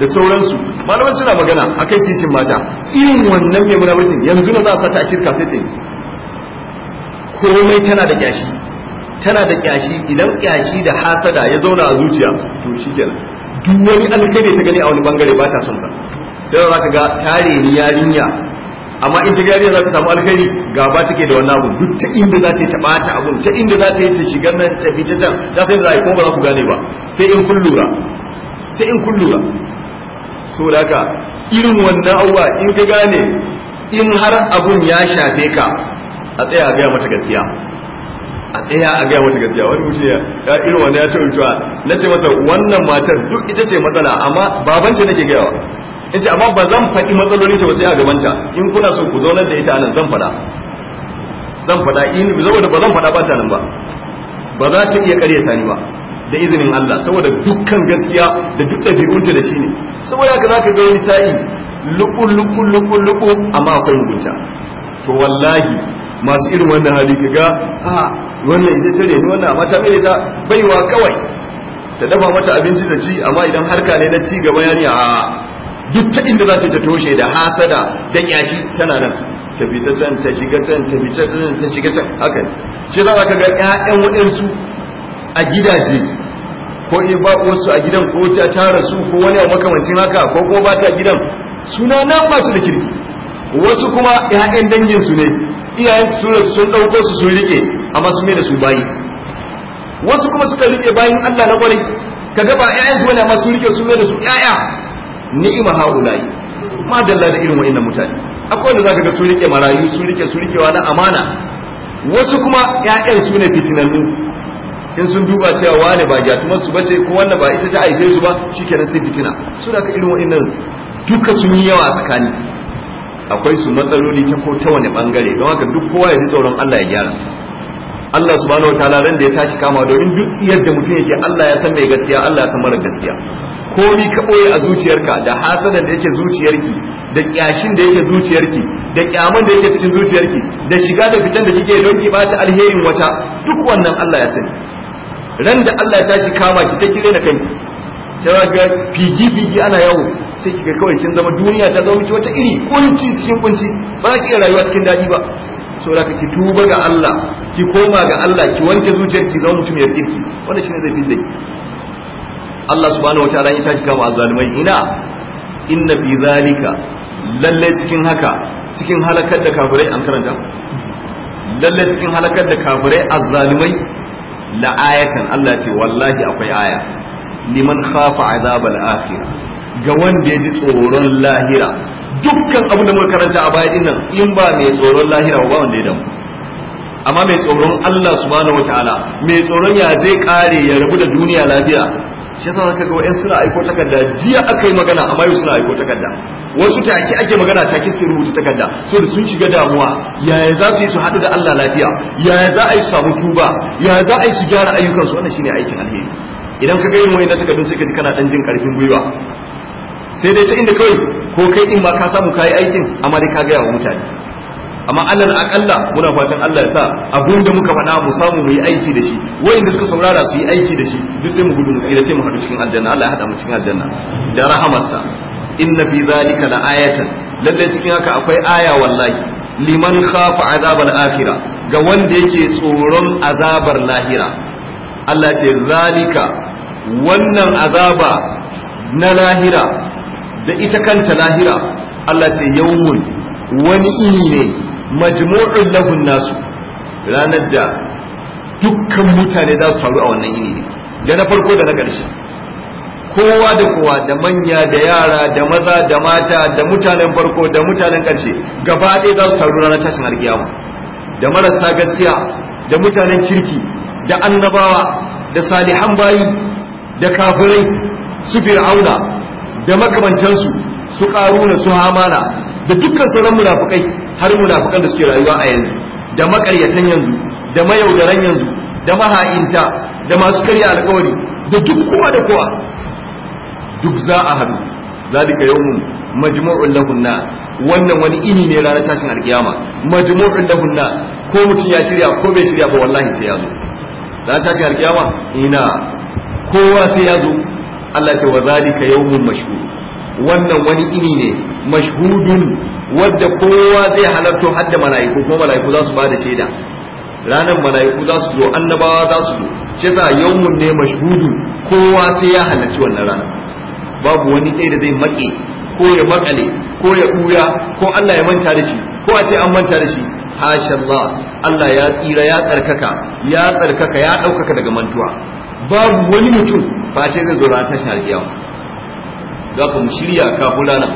da sauransu malaman suna magana akai kishin mata irin wannan mai munafircin yanzu na za a sata a shirka sai ta yi komai tana da kyashi tana da kyashi idan kyashi da hasada ya zauna a zuciya to shi kenan duk wani alkhairi ta gani a wani bangare ba ta son sa sai za ka ga tare ni yarinya amma in ta yarinya za ta samu alkhairi gaba take da wannan abu duk ta inda za ta yi ta bata abun ta inda za ta yi ta shigar nan ta fita can ta sai za a yi kuma ba za ku gane ba sai in kun lura sai in kun lura da haka irin wannan abuwa in ka gane in har abun ya shafe ka a tsaya a gaya mata gaskiya a tsaya a gaya mata gaskiya wani mutum ya irin wanda ya ce mutuwa na ce mata wannan matar duk ita ce matsala amma babanta nake wa. in ce amma ba zan faɗi matsaloli ta ba sai gaban gabanta in kuna so ku zaunar da ita nan, zan faɗa zan faɗa in saboda ba zan faɗa ba ta nan ba ba za ta iya ƙaryata ni ba da izinin Allah saboda dukkan gaskiya da duk ɗabi'unta da shi ne saboda haka zaka ga wani sa'i luku luku luku luku amma akwai mugunta to wallahi masu irin wannan hali ka ga a wannan ita tare ni wannan amma ta mai ta baiwa kawai ta dafa mata abinci da ci amma idan harka ne na ci gaba yani a duk ta inda za ta ta toshe da hasada dan yashi tana nan ta fita can ta shiga can ta fita can ta shiga can haka shi za ka ga ƴaƴan waɗansu a gidaje ko in ba wasu a gidan ko ta tara su ko wani abu makamancin haka ko kuma ba ta gidan suna nan ba su da kirki wasu kuma ƴaƴan dangin su ne iyayen su sun dauko su sun rike amma sun da su bayi wasu kuma suka rike bayin Allah na kwarai kaga ba ƴaƴan su bane amma sun rike su da su ƴaƴa ni'ima haulai ma dalla da irin wa'annan mutane akwai wanda zaka ga sun rike marayu sun rike sun wa na amana wasu kuma ƴaƴan su ne fitinannu in sun duba cewa wane ba kuma su bace ko wanda ba ita ta aife su ba shikenan sai fitina su da ka irin wa'annan duka sun yi yawa a tsakani akwai su matsaloli ta ko ta wani bangare don haka duk kowa ya ji tsoron Allah ya gyara Allah subhanahu wataala ran da ya tashi kama domin duk yadda mutum yake Allah ya san mai gaskiya Allah ya san mara gaskiya Ko komi ka boye a zuciyarka da hasadan da yake zuciyarki da kyashin da yake zuciyarki da kyaman da yake cikin zuciyarki da shiga da fitan da kike don ki ta alherin wata duk wannan Allah ya sani ran da Allah ya tashi kama ki ta kire na kanki ta ga figi figi ana yawo sai kika kawai kin zama duniya ta zama miki wata iri kunci cikin kunci ba ki iya rayuwa cikin daɗi ba saboda ki tuba ga Allah ki koma ga Allah ki wanke zuciyarki zama mutum ya kirki wannan shine zai fidda ki Allah subhanahu wataala ya tashi kama azzalumai ina inna fi zalika lalle cikin haka cikin halakar da kafirai an karanta lalle cikin halakar da kafirai azzalumai la ayatan Allah ce wallahi akwai aya liman khafa azabal akhirah ga wanda ya ji tsoron lahira dukkan abu da muka karanta a baya nan in ba mai tsoron lahira ba wanda ya damu amma mai tsoron Allah subhanahu wataala mai tsoron ya zai kare ya rabu da duniya lafiya shi yasa zaka ga wayan suna aiko takarda jiya aka yi magana amma yau suna aiko takarda wasu take ake magana take suke rubuta takarda so da sun shiga damuwa yaya za su yi su haɗu da Allah lafiya yaya za a yi su samu tuba yaya za a yi su gyara ayyukansu wannan shine aikin alheri idan ka ga yin wayan takardun sai ka ji kana dan jin karfin gwiwa sai dai ta inda kawai ko kai in ma ka samu kayi aikin amma dai ka gaya wa mutane amma ma'anar akalla muna fatan Allah ya sa abin da muka faɗa mu samu mu yi aiki da shi da suka saurara su yi aiki da shi duk sai mu gudu mu tsira sai mu haɗu cikin aljanna Allah ya haɗa mu cikin aljanna da rahamarsa inna fi zalika la ayatan lalle cikin haka akwai aya wallahi liman khafa azabal akhirah ga wanda yake tsoron azabar lahira Allah ce zalika wannan azaba na lahira da ita kanta lahira Allah ta yawmun wani iri ne majmu'un lahun nasu ranar da dukkan mutane za su faru a wannan iri ne da na farko da na ƙarshe kowa da kowa da manya da yara da maza da mata da mutanen farko da mutanen ƙarshe gaba ɗaya za su faru ranar tashin alkiyama da marasa gaskiya da mutanen kirki da annabawa da salihan bayi da kafirai su fir'auna da makamantansu su karuna su hamana da dukkan sauran munafukai har munafukan da suke rayuwa a yanzu da makaryatan yanzu da mayaudaran yanzu da maha'inta da masu karya alkawari da duk kowa da kowa duk za a haɗu zalika yawmun majmu'un lahun na wannan wani ini ne ranar tashin alkiyama majmu'un lahun na ko mutum ya shirya ko bai shirya ba wallahi sai ya zo ranar tashin alkiyama ina kowa sai ya zo Allah ce wa zalika yawmun mashhud wannan wani iri ne mashhudun wadda kowa zai halarto har da mala'iku ko mala'iku za su bada shaida ranar mala'iku za su zo annabawa za su zo shi yasa yawmun ne mashhudun kowa sai ya halarci wannan rana babu wani ɗaya da zai maƙe ko ya makale ko ya ɓuya ko Allah ya manta da shi ko a ce an manta da shi hasha Allah Allah ya tsira ya tsarkaka ya tsarkaka ya ɗaukaka daga mantuwa babu wani mutum ba ce zai zo ran tashin alkiyama za ku mu shirya kafin ranar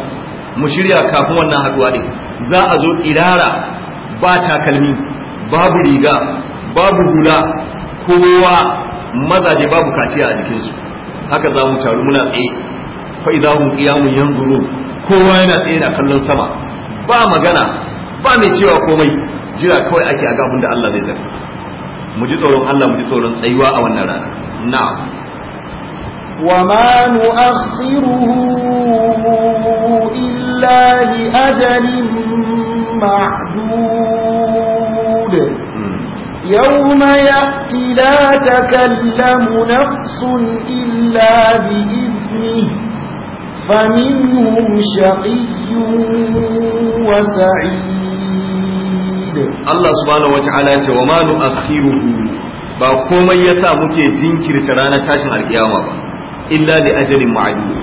mu shirya kafin wannan haduwa din za a zo irara ba takalmi babu riga babu hula kowa mazaje babu kaciya a jikinsu haka za mu taru muna tsaye fa idza hum qiyamun yanzuru kowa yana tsaye na kallon sama ba magana ba mai cewa komai jira kawai ake a gabun da Allah zai zaka mu ji tsoron Allah mu ji tsoron tsayuwa a wannan rana na'am wa ma nu'akhiruhu illa li ajalin ma'dud يوم يأتي لا تكلم نفس إلا بإذنه فمنهم شقي وسعيد Allah subhanahu wata'ala ce wa manu nu'akhiruhu ba komai yasa muke jinkirta ranar tashin alkiyama ba illa li ajalin ma'dud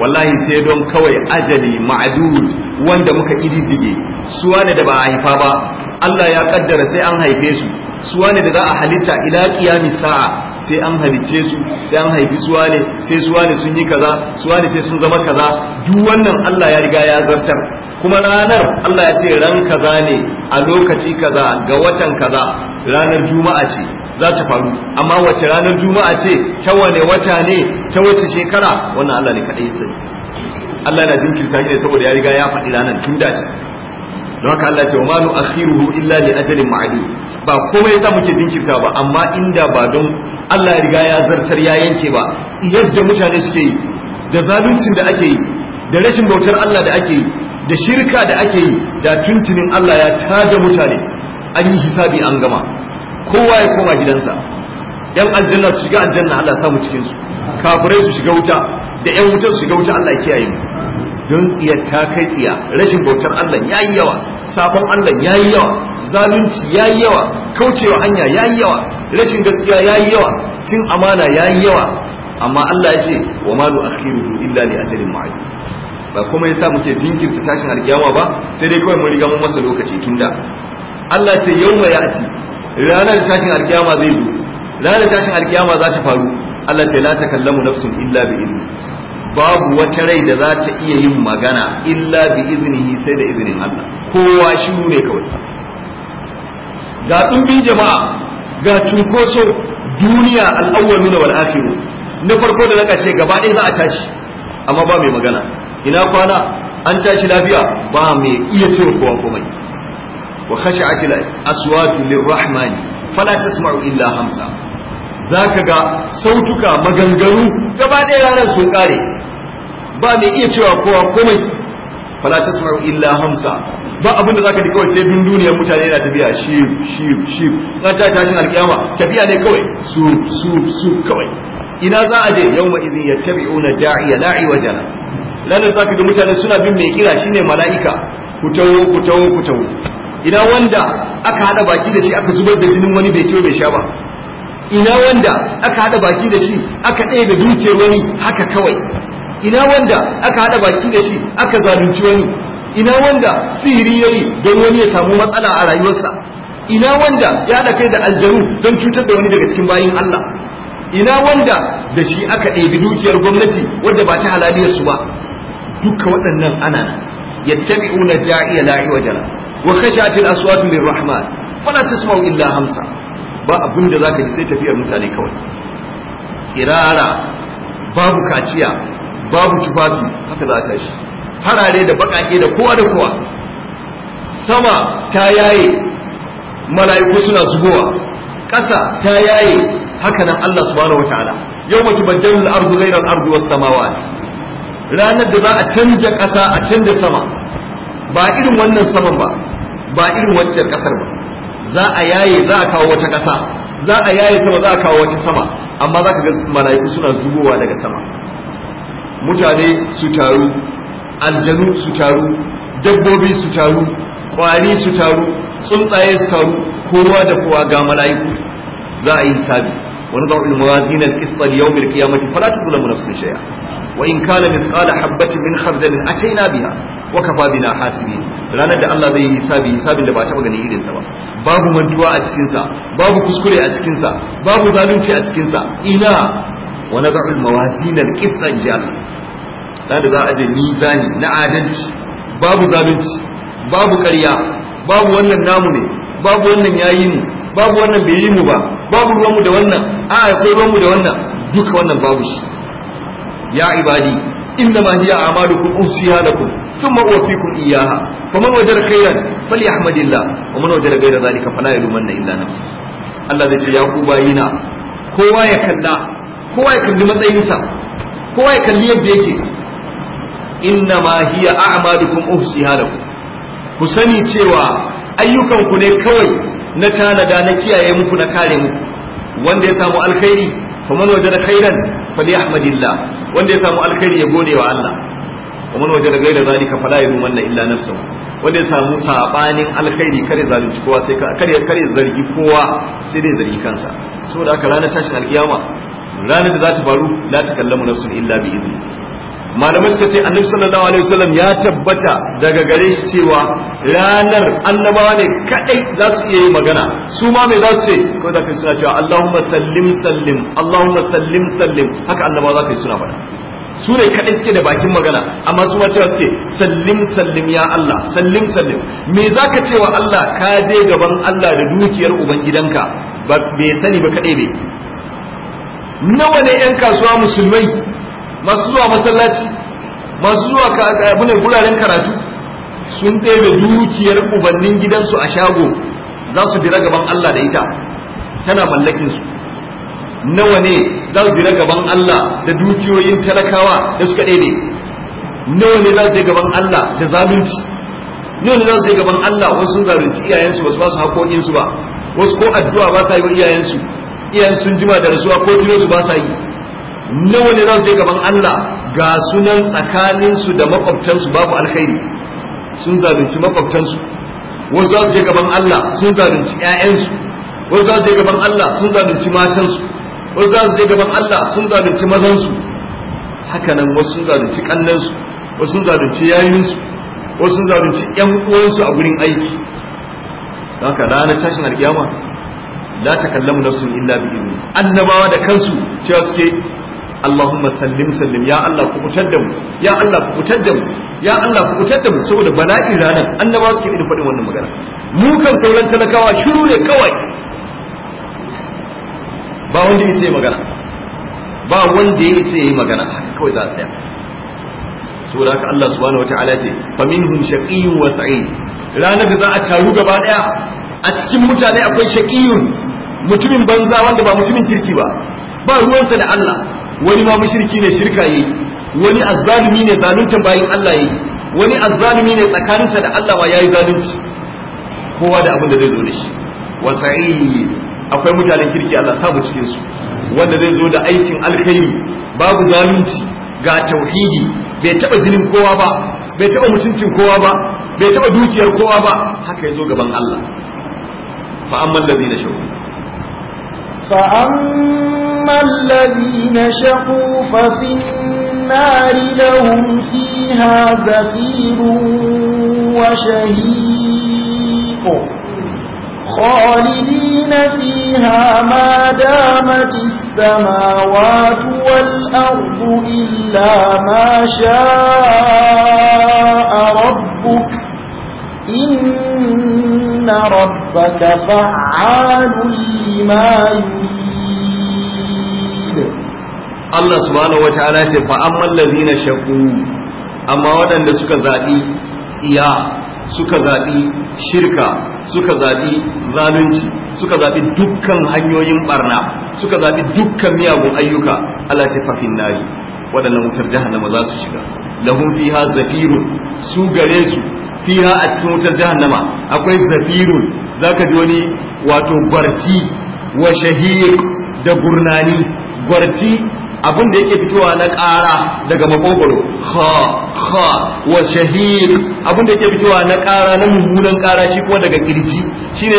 wallahi sai don kawai ajali ma'dud wanda muka ididdige su wane da ba a haifa ba Allah ya kaddara sai an haife su su wane da za a halitta ila qiyami sa'a sai an halicce su sai an haifi su wane sai su wane sun yi kaza su wane sai sun zama kaza duk wannan Allah ya riga ya zartar kuma ranar Allah ya ce ran kaza ne a lokaci kaza ga watan kaza ranar juma'a ce za ta faru amma wace ranar juma'a ce ta wane wata ne ta wace shekara wannan Allah ne kadai sai Allah na jinkirta ne saboda ya riga ya faɗi ranar tun da shi don haka Allah ce wa ma nu'akhiruhu illa li ajalin ma'lum ba komai yasa muke jinkirta ba amma inda ba don Allah ya riga ya zartar ya yanke ba yadda mutane suke yi da zaluncin da ake yi da rashin bautar Allah da ake yi da shirka da ake yi da tuntunin Allah ya tada mutane an yi hisabi an gama kowa ya koma gidansa yan aljanna su shiga aljanna Allah samu cikin su kafirai su shiga wuta da yan wuta su shiga wuta Allah ya kiyaye mu don tsiya ta kai tsiya rashin bautar Allah yayi yawa sabon Allah yayi yawa zalunci yayi yawa kaucewa hanya yayi yawa rashin gaskiya yayi yawa cin amana yayi yawa amma Allah ya ce wa ma nu'akhiruhu illa li ajalin ma'lum ba kuma yasa muke jinkirta tashin alkiyama ba sai dai kawai mun riga mun masa lokaci tunda Allah sai yawma ati ranar tashin alkiyama zai zo ranar tashin alkiyama za ta faru Allah sai la kallamu nafsun illa bi idni babu wata rai da za ta iya yin magana illa bi iznihi sai da izinin Allah kowa shi ne kawai ga dumbin jama'a ga cunkoso duniya min wal akhir na farko da na ƙarshe gaba ɗaya za a tashi amma ba mai magana ina kwana an tashi lafiya ba mai iya cin kowa komai wa akila aswatu lirrahmani fala tasma'u illa hamsa zaka ga sautuka maganganu gaba ɗaya ranar sun kare ba mai iya cewa kowa komai fala tasma'u illa hamsa ba abin da zaka ji kawai sai bin mutane yana tafiya shi, shi, shi. na ta tashin alkiyama tafiya ne kawai su su su kawai ina za a je yau ma izin ya tabi'una da'iya la'i wajana lalle za ka ga mutane suna bin mai kira shine mala'ika ku tawo ku tawo ku tawo ina wanda aka hada baki da shi aka zubar da jinin wani bai ciwo bai sha ba ina wanda aka hada baki da shi aka ɗaya da dukiyar wani haka kawai ina wanda aka hada baki da shi aka zalunci wani ina wanda sihiri yayi don wani ya samu matsala a rayuwarsa ina wanda ya haɗa kai da aljanu don cutar da wani daga cikin bayin Allah ina wanda da shi aka ɗebi dukiyar gwamnati wadda ba ta halaliyarsu ba duka waɗannan ana yattabi'una da'iya la'i wajara wa khashat al-aswat min rahman fala tasma'u illa hamsa ba abin da zaka ji sai tafiyar mutane kawai kirara babu kaciya babu tufafi haka za ta shi harare da bakake da kowa da kowa sama ta yaye mala'iku suna zubowa ƙasa ta yaye haka nan Allah subhanahu wa ta'ala yau mutu bajjalul ardu ghayra al-ardi was samawati ranar da za a canja ƙasa a canja sama ba irin wannan saman ba ba irin wancan ƙasar ba za a yaye za a kawo wata ƙasa za a yaye sama za a kawo wata sama amma za ka ga mala'iku suna zubowa daga sama mutane su taru aljanu su taru dabbobi su taru ƙwari su taru tsuntsaye su taru kowa da kowa ga mala'iku za a yi hisabi ونضع الموازين القسط ليوم القيامة mu na نفس shaya. wa in kana mithqala habatin min khardalin ataina biha wa kafa bina hasibin ranar da Allah zai yi hisabi hisabin da ba taɓa ganin irin ba babu mantuwa a cikinsa. babu kuskure a cikinsa. babu zalunci a cikinsa. sa ina wa naz'ul mawazin al-qista jal da za a je mizani na adalci babu zalunci babu ƙarya babu wannan namu ne babu wannan yayi mu babu wannan bai yi mu ba babu ruwanmu da wannan a akwai ruwanmu da wannan duka wannan babu shi ya ibadi Allah zai ce ya ku kowa ya kalla kowa ya kalli matsayinsa kowa ya kalli yadda yake innama hiya a'malukum usiha lakum ku sani cewa ayyukanku ne kawai na tanada na kiyaye muku na kare muku wanda ya samu alkhairi faman wajada khairan Ahmadillah wanda ya samu alkhairi ya gode wa Allah wa man wajada ghayra zalika fala yulumanna illa nafsuhu wanda ya samu sabanin alkhairi kare zalunci kowa sai kare kare zargi kowa sai dai zargi kansa saboda haka ranar tashin alkiyama ranar da za ta faru la kallamu nafsun illa bi idni malamai suka ce annabi sallallahu alaihi wasallam ya tabbata daga gare shi cewa ranar annabawa ne kadai za su iya yi magana su ma me za su ce ko za ka suna cewa Allahumma sallim sallim Allahumma sallim sallim haka annabawa za ka yi suna faɗa su ne kadai suke da bakin magana amma su ma cewa suke sallim sallim ya Allah sallim sallim me za ka cewa Allah ka je gaban Allah da dukiyar ubangidanka ba bai sani ba kadai ne nawa ne yan kasuwa musulmai masu zuwa masallaci masu zuwa abu ne guraren karatu sun ɗebe dukiyar ubannin gidansu a shago za su dira gaban Allah da ita tana mallakinsu nawa ne za su dira gaban Allah da dukiyoyin talakawa da suka ɗebe nawa ne za su je gaban Allah da zalunci nawa ne za su je gaban Allah wasu sun zalunci iyayensu wasu ba su haƙoƙinsu ba wasu ko addu'a ba sa yi wa iyayensu iyayen sun jima da rasuwa ko su ba sa yi nawa ne za su je gaban Allah ga sunan tsakaninsu da makwabtansu babu alkhairi sun zalunci makwabtansu wasu za su je gaban Allah sun zalunci 'ya'yansu wasu za su je gaban Allah sun zalunci matansu wasu za su je gaban Allah sun zalunci mazansu haka nan wasu sun zalunci kannansu wasu sun zalunci yayinsu wasu sun zalunci ƴan uwansu a gurin aiki haka ranar tashin alƙiyama la takallamu nafsun illa bi annabawa da kansu cewa suke Allahumma sallim sallim ya Allah ku kutar da mu ya Allah ku kutar da mu ya Allah ku kutar da mu saboda bala'in ranar annaba ke irin faɗin wannan magana mu kan sauran talakawa shiru ne kawai ba wanda ya magana ba wanda ya isa yi magana kawai za a tsaya saboda haka Allah subhanahu wataala ce fa minhum shaqiyyun wa sa'id ranar da za a taru gaba daya a cikin mutane akwai shaqiyyun mutumin banza wanda ba mutumin kirki ba ba ruwansa da Allah wani ma mushriki ne shirka yi wani azzalumi ne zalunta bayin Allah yi wani azzalumi ne tsakaninsa da Allah wa yayi zalunci kowa da abin da zai zo da shi wa sa'id akwai mutanen kirki Allah sabu cikin su wanda zai zo da aikin alkhairi babu zalunci ga tauhidi bai taba jinin kowa ba bai taba mutuncin kowa ba bai taba dukiyar kowa ba haka yazo gaban Allah fa amman ladina shawu fa أما الذين شقوا ففي النار لهم فيها زفير وشهيق خالدين فيها ما دامت السماوات والأرض إلا ما شاء ربك إن ربك فعال لما يريد Allah subhanahu wataala ce fa amman ladina shaqu amma waɗanda suka zabi iya suka zabi shirka suka zabi zalunci suka zabi dukkan hanyoyin barna suka zabi dukkan miyagun ayyuka Allah ce fa nari waɗannan wutar jahannama za su shiga lahum fiha zafirun su gare su fiha a cikin wutar jahannama akwai zafirun zaka ji wani wato gwarti wa shahiq da gurnani gwarti abin da yake fitowa na ƙara daga makogoro ha ha wa shahid abin da yake fitowa na ƙara na mummunan ƙara shi kuma daga kirji shine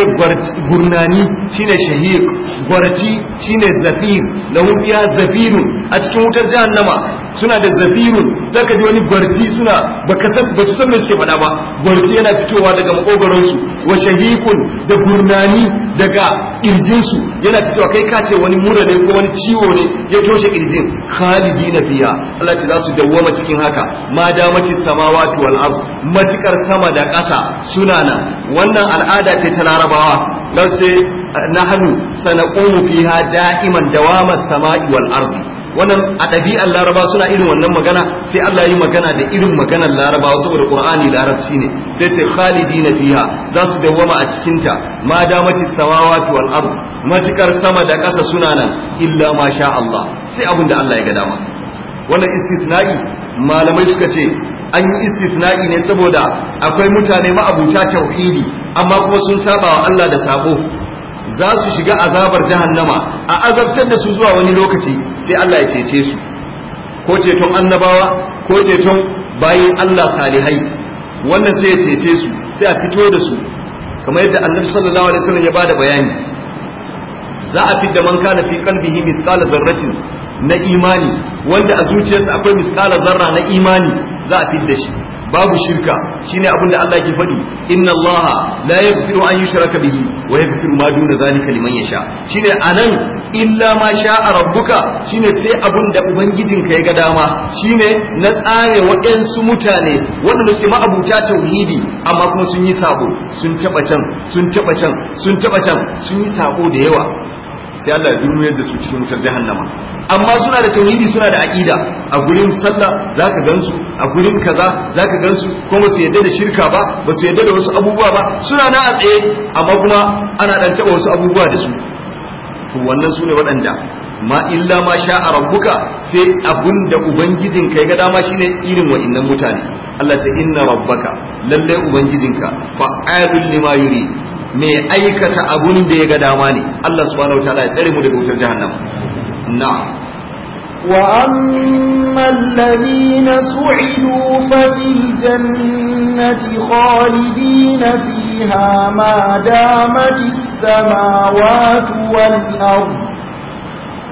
gurnani shine shahiq gwarti shine zafir lahum fiha zafirun a cikin wutar nama. suna da zafirun zaka ji wani barci suna ka san ba su san me suke faɗa ba barci yana fitowa daga makogaron su wa shahikun da gurnani daga irjin su yana fitowa kai ka ce wani mura ne ko wani ciwo ne ya toshe irjin khalidina fiha Allah ta za su dawwama cikin haka ma damatis samawati wal ard matikar sama da ƙasa suna nan wannan al'ada ce ta larabawa dan sai nahnu sanaqumu fiha da'iman dawamas sama'i wal ardi wannan a ɗabi'ar laraba suna irin wannan magana sai Allah yi magana da irin maganar laraba saboda qur'ani larabci ne sai ce khalidina fiha za su dawwama a cikin ta ma damati samawati wal ard matukar sama da ƙasa suna nan illa ma sha Allah sai abin da Allah ya ga dama wannan istisna'i malamai suka ce an yi istisna'i ne saboda akwai mutane ma'abuta tauhidi amma kuma sun saba wa Allah da sabo za su shiga azabar jahannama a azabtar da su zuwa wani lokaci sai Allah ya cece su ko ceton annabawa ko ceton bayin Allah salihai wannan sai ya cece su sai a fito da su kamar yadda annabi sallallahu alaihi wasallam ya bada bayani za a fidda man kana fi qalbihi mithqala dharratin na imani wanda a zuciyarsa akwai mithqala zarra na imani za a fidda shi babu shirka shine abin da Allah ke faɗi inna Allah la yaghfiru an yushraka bihi wa yaghfiru ma duna zalika liman yasha shine anan illa ma sha'a rabbuka shine sai abin da ubangijin ka ya ga dama shine na tsare waɗansu mutane waɗanda suke ma'abuta tauhidi amma kuma sun yi sabo sun taba can sun taɓa can sun taba can sun yi sabo da yawa sai Allah ya da su cikin wutar jahannama amma suna da tauhidi suna da aqida a gurin sallah zaka gansu a gurin kaza zaka gansu ko ba su yadda da shirka ba ba su yadda da wasu abubuwa ba suna na a tsaye amma kuma ana dan taba wasu abubuwa da su to wannan su ne waɗanda ma illa ma sha a rabbuka sai abun da ubangijin kai ga dama shine irin wa'annan mutane Allah ta inna rabbaka lalle ubangijinka fa'alul lima yuri Me aikata abun da ya ga dama ne Allah subhanahu ta'ala ya tsare mu daga wutar jahannam na'am wa ammal ladina su'idu fa fil jannati khalidina fiha ma damat as-samawati wal ardh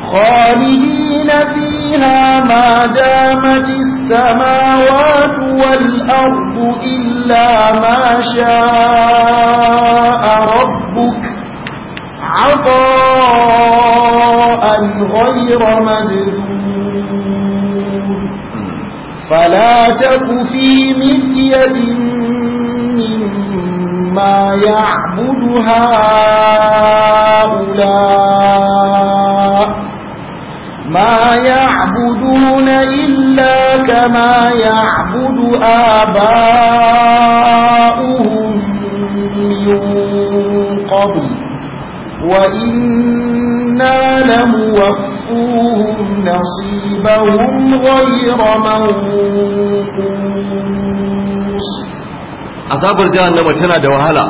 خالدين فيها ما دامت السماوات والأرض إلا ما شاء ربك عطاء غير مذنون فلا تك في مدية ما يعبد هؤلاء ما يعبدون إلا كما يعبد آباؤهم من قبل وإنا لموفوهم نصيبهم غير منقوص azabar jahannama tana da wahala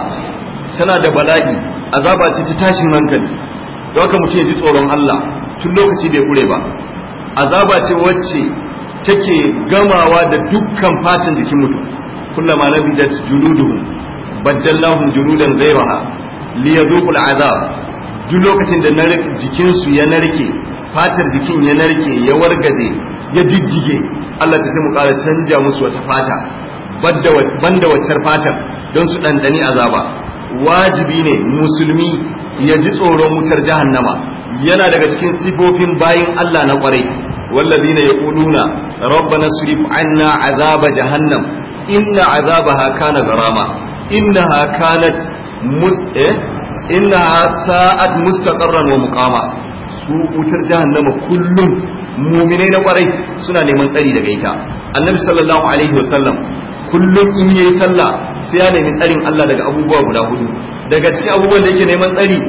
tana da bala'i azaba ce ta tashin hankali don haka mutum ji tsoron Allah tun lokaci bai kure ba azaba ce wacce take gamawa da dukkan fatan jikin mutum kullama nabidat juluduhum baddallahum juludan li liyadhuqul azab duk lokacin da jikinsu ya narke fatar jikin ya narke ya wargaze ya diddige Allah ta mu kara canja musu wata fata banda waccar fatar don su ɗanɗani azaba wajibi ne musulmi ya ji tsoron wutar jahannama yana daga cikin sifofin bayin Allah na kwarai wallazina yaquluna rabbana sirif anna azaba jahannam inna azabaha kana garama Inna innaha Inna eh? innaha sa'at mustaqarran wa muqama su wutar jahannama kullum muminai na kwarai suna neman tsari daga ita annabi sallallahu alaihi wasallam kullum in ya yi sallah sai ya nemi tsarin Allah daga abubuwa guda hudu daga cikin abubuwan da yake neman tsari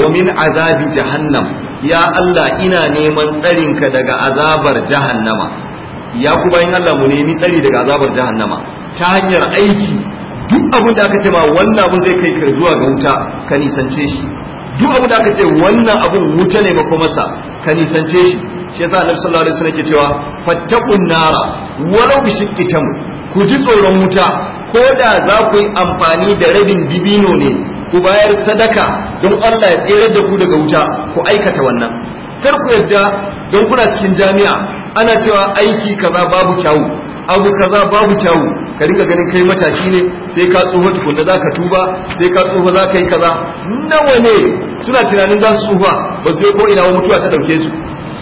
wa min azabi jahannam ya Allah ina neman tsarin ka daga azabar jahannama ya ku bayan Allah mu nemi tsari daga azabar jahannama ta hanyar aiki duk abin da aka ce ma wannan abin zai kai ka zuwa ga wuta ka nisance shi duk abin da aka ce wannan abin wuta ne ba masa ka nisance shi shi yasa annabi sallallahu alaihi wasallam ke cewa fattaqun nara walau bi shiqqi ku ji tsoron wuta ko da za ku yi amfani da rabin dibino ne ku bayar sadaka don Allah ya tserar da ku daga wuta ku aikata wannan kar ku yadda don kuna cikin jami'a ana cewa aiki kaza babu kyawu abu kaza babu kyawu ka rika ganin kai matashi ne sai ka tsufa tukunna za ka tuba sai ka tsufa za ka yi kaza nawa ne suna tunanin za su tsufa ba zai ko ina wa mutuwa ta ɗauke su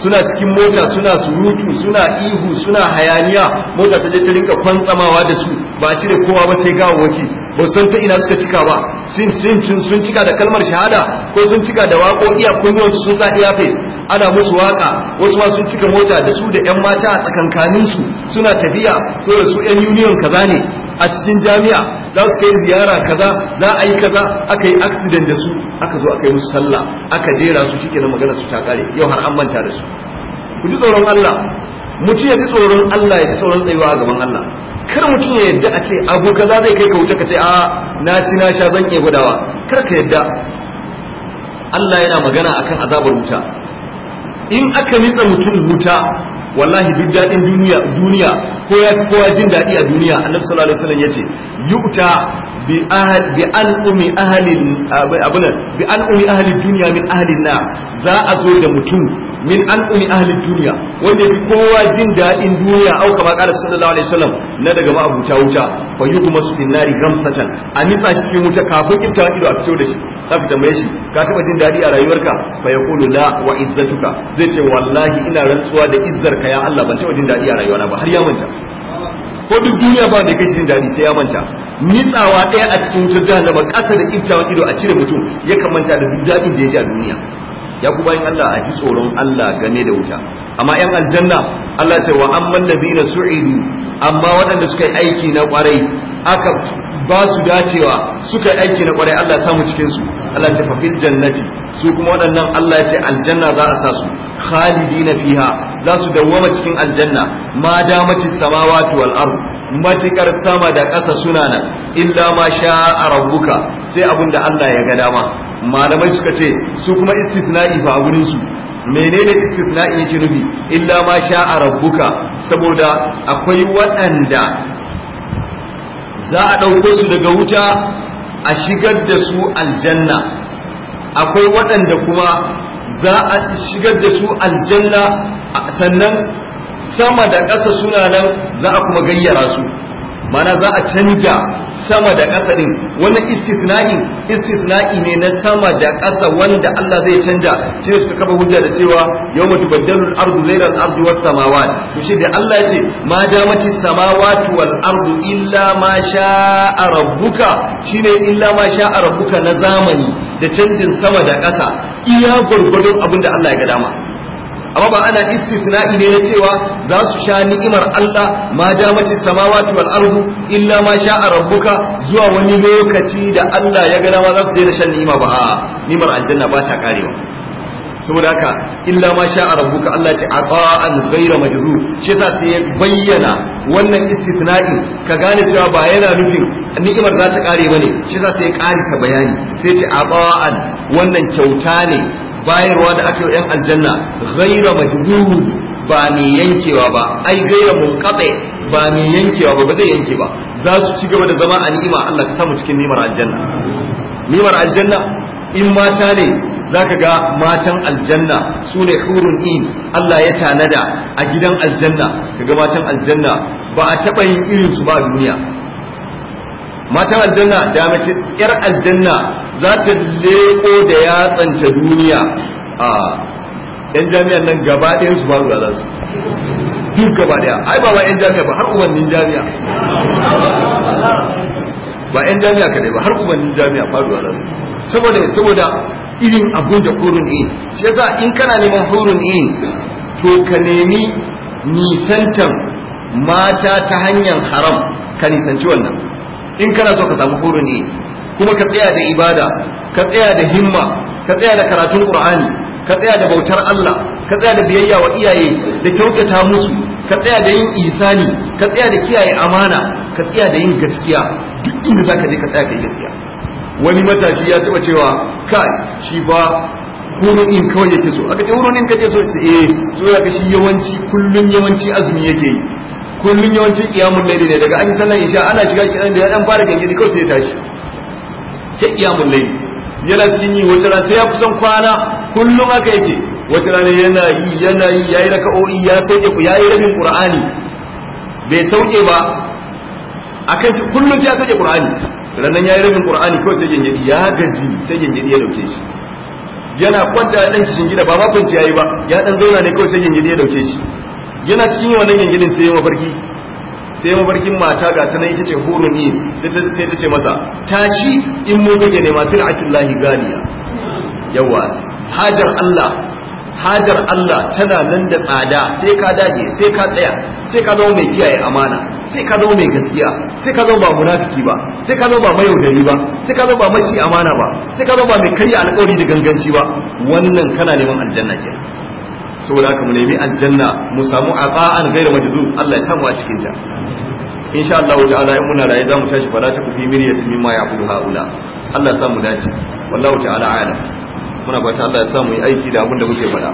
suna cikin mota suna surutu suna ihu suna hayaniya mota ta je ta rinka kwantsamawa da su ba cire kowa ba sai gawawaki ba san ta ina suka cika ba sun sun cika da kalmar shahada ko sun cika da waƙoƙi a kunyon su sun sa iyafe ana musu waka wasu ma sun cika mota da su da yan mata a tsakankanin suna tafiya so da su yan union kaza ne a cikin jami'a za su kai ziyara kaza za a yi kaza aka yi accident da su aka zo aka yi musu sallah aka jera su shike na magana su ta kare yau har an manta da su ku ji tsoron Allah mutum ya ji tsoron Allah ya ji tsoron tsayuwa a gaban Allah kar mutum ya yadda a ce abu kaza zai kai ka wuce ka ce a na ci na sha zan iya gudawa kar ka yadda Allah yana magana akan azabar wuta in aka nitsa mutum wuta wallahi duk daɗin duniya duniya ko ya kowa jin daɗi a duniya annabi sallallahu alaihi wasallam yace yu'ta bi ahli bi al'umi ahli abuna bi al'umi ahli dunya min ahli na za a zo da mutum min al'umi ahli duniya wanda fi kowa jin daɗin duniya au kama qala sallallahu alaihi wasallam na daga abuta wuta fa masu bin nari gamsatan a nitsa shi cikin wuta kafin kifta ido a fito da shi fita mai shi ka taɓa jin daɗi a rayuwarka fa ya kulu la wa izzatuka zai ce wallahi ina rantsuwa da izzarka ya Allah ban taba jin daɗi a rayuwana ba har ya manta ko duk duniya ba da kai jin daɗi sai ya manta nitsawa ɗaya a cikin wutar jahannama ƙasa da kiftawan ido a cire mutum ya kamanta da duk daɗin da ya ji a duniya ya ku bayan Allah a ji tsoron Allah game da wuta amma yan aljanna Allah ce wa amman ladina su'idu amma waɗanda suka yi aiki na kwarai aka ba su dacewa suka aiki na kwarai Allah samu cikinsu. su Allah ta fafil jannati su kuma waɗannan Allah ya ce aljanna za a sa su khalidina fiha za su dawwama cikin aljanna ma damatis samawati wal ard matikar sama da ƙasa suna nan illa ma a rabbuka sai abin da Allah ya ga dama malamai suka ce su kuma istisna'i ba a gurin su menene istisna'i yake nufi illa ma sha'a rabbuka saboda akwai waɗanda za a ɗauko su daga wuta a shigar da su aljanna akwai waɗanda kuma za a shigar da su aljanna sannan sama da ƙasa suna nan za a kuma gayyara su mana za a canja sama da ƙasa ɗin wannan istisna'i istisna'i ne na sama da ƙasa wanda Allah zai canja shi suka kafa hujja da cewa yawma tubaddalu al-ardu ghayra al ardu was samawat to shi da Allah yace ce ma damatis samawati wal ardu illa ma sha'a rabbuka shine illa ma sha'a rabbuka na zamani da canjin sama da ƙasa iya gurgurdun abin da Allah ya ga dama amma ba ana istisna'i ne na cewa za su sha ni'imar Allah ma damati samawati wal ardu illa ma sha'a rabbuka zuwa wani lokaci da Allah ya ga ma za su daina shan ni'ima ba a ni'imar aljanna ba ta karewa saboda haka illa ma sha'a rabbuka Allah ce ata'an ghayra majzu shi yasa sai bayyana wannan istisna'i ka gane cewa ba yana nufin ni'imar za ta kare bane shi ta sai ya karisa bayani sai ce ata'an wannan kyauta ne bayarwa da aka yi yan aljanna ghaira majhud ba mai yankewa ba ai gaira mun munqati ba mai yankewa ba ba zai yanke ba za su ci gaba da zama a ni'ima Allah ta samu cikin ni'imar aljanna Nimar aljanna in mata ne zaka ga matan aljanna su ne hurun in Allah ya tanada a gidan aljanna kaga matan aljanna ba a taɓa yin irinsu ba a duniya matan aljanna da mace yar aljanna za ta leko da yatsanta duniya a yan jami'an nan gaba ɗayan su faru za su duk gaba ɗaya ai ba ba yan jami'a ba har ubannin jami'a ba yan jami'a kadai ba har ubannin jami'a faru za su saboda saboda irin abun da hurun in shi yasa in kana neman hurun in to ka nemi nisantan mata ta hanyar haram ka nisanci wannan in kana so ka samu hurumi kuma ka tsaya da ibada ka tsaya da himma ka tsaya da karatun qur'ani ka tsaya da bautar Allah ka tsaya da biyayya wa iyaye da kyautata musu ka tsaya da yin isani ka tsaya da kiyaye amana ka tsaya da yin gaskiya duk inda zaka je ka tsaya kai gaskiya wani matashi ya taba cewa kai shi ba hurumin kawai yake so aka ce hurumin kake so ce eh so ya ga shi yawanci kullun yawanci azumi yake yi kullun yawancin kiyamun laili ne daga an yi sallan isha ana shiga kiran da ya dan fara gangani kawai sai ya tashi sai kiyamun laili yana cikin yi wata rana sai ya kusan kwana kullum aka yake wata rana yana yi yana yi yayi raka'o'i ya sauke ku yayi rabin qur'ani bai sauke ba akan kullum sai ya sauke qur'ani ranan yayi rabin qur'ani kawai sai gangani ya gaji sai gangani ya dauke shi yana kwanta ya dan kishin gida ba ma ya yi ba ya dan zauna ne kawai sai gangani ya dauke shi yana cikin wannan gingilin sai mafarki sai mafarkin mata ga ta nan ita ce horo yi sai ta ce masa tashi in mu gaje ne masu lahi galiya yawa hajar Allah hajar Allah tana nan da tsada sai ka dage sai ka tsaya sai ka zama mai kiyaye amana sai ka zama mai gaskiya sai ka zama ba munafiki ba sai ka zama ba mayaudari ba sai ka zama ba maci amana ba sai ka zama ba mai karya alƙawari da ganganci ba wannan kana neman aljanna kenan saboda haka mu nemi aljanna mu samu ata'an gairu majdud Allah ya samu a cikin ta insha Allah ta'ala in muna raye zamu tashi fara ta kufi miriyat mimma ya'budu haula Allah ya samu dace wallahu ta'ala a'lam muna ba ta Allah ya samu yi aiki da abin da muke faɗa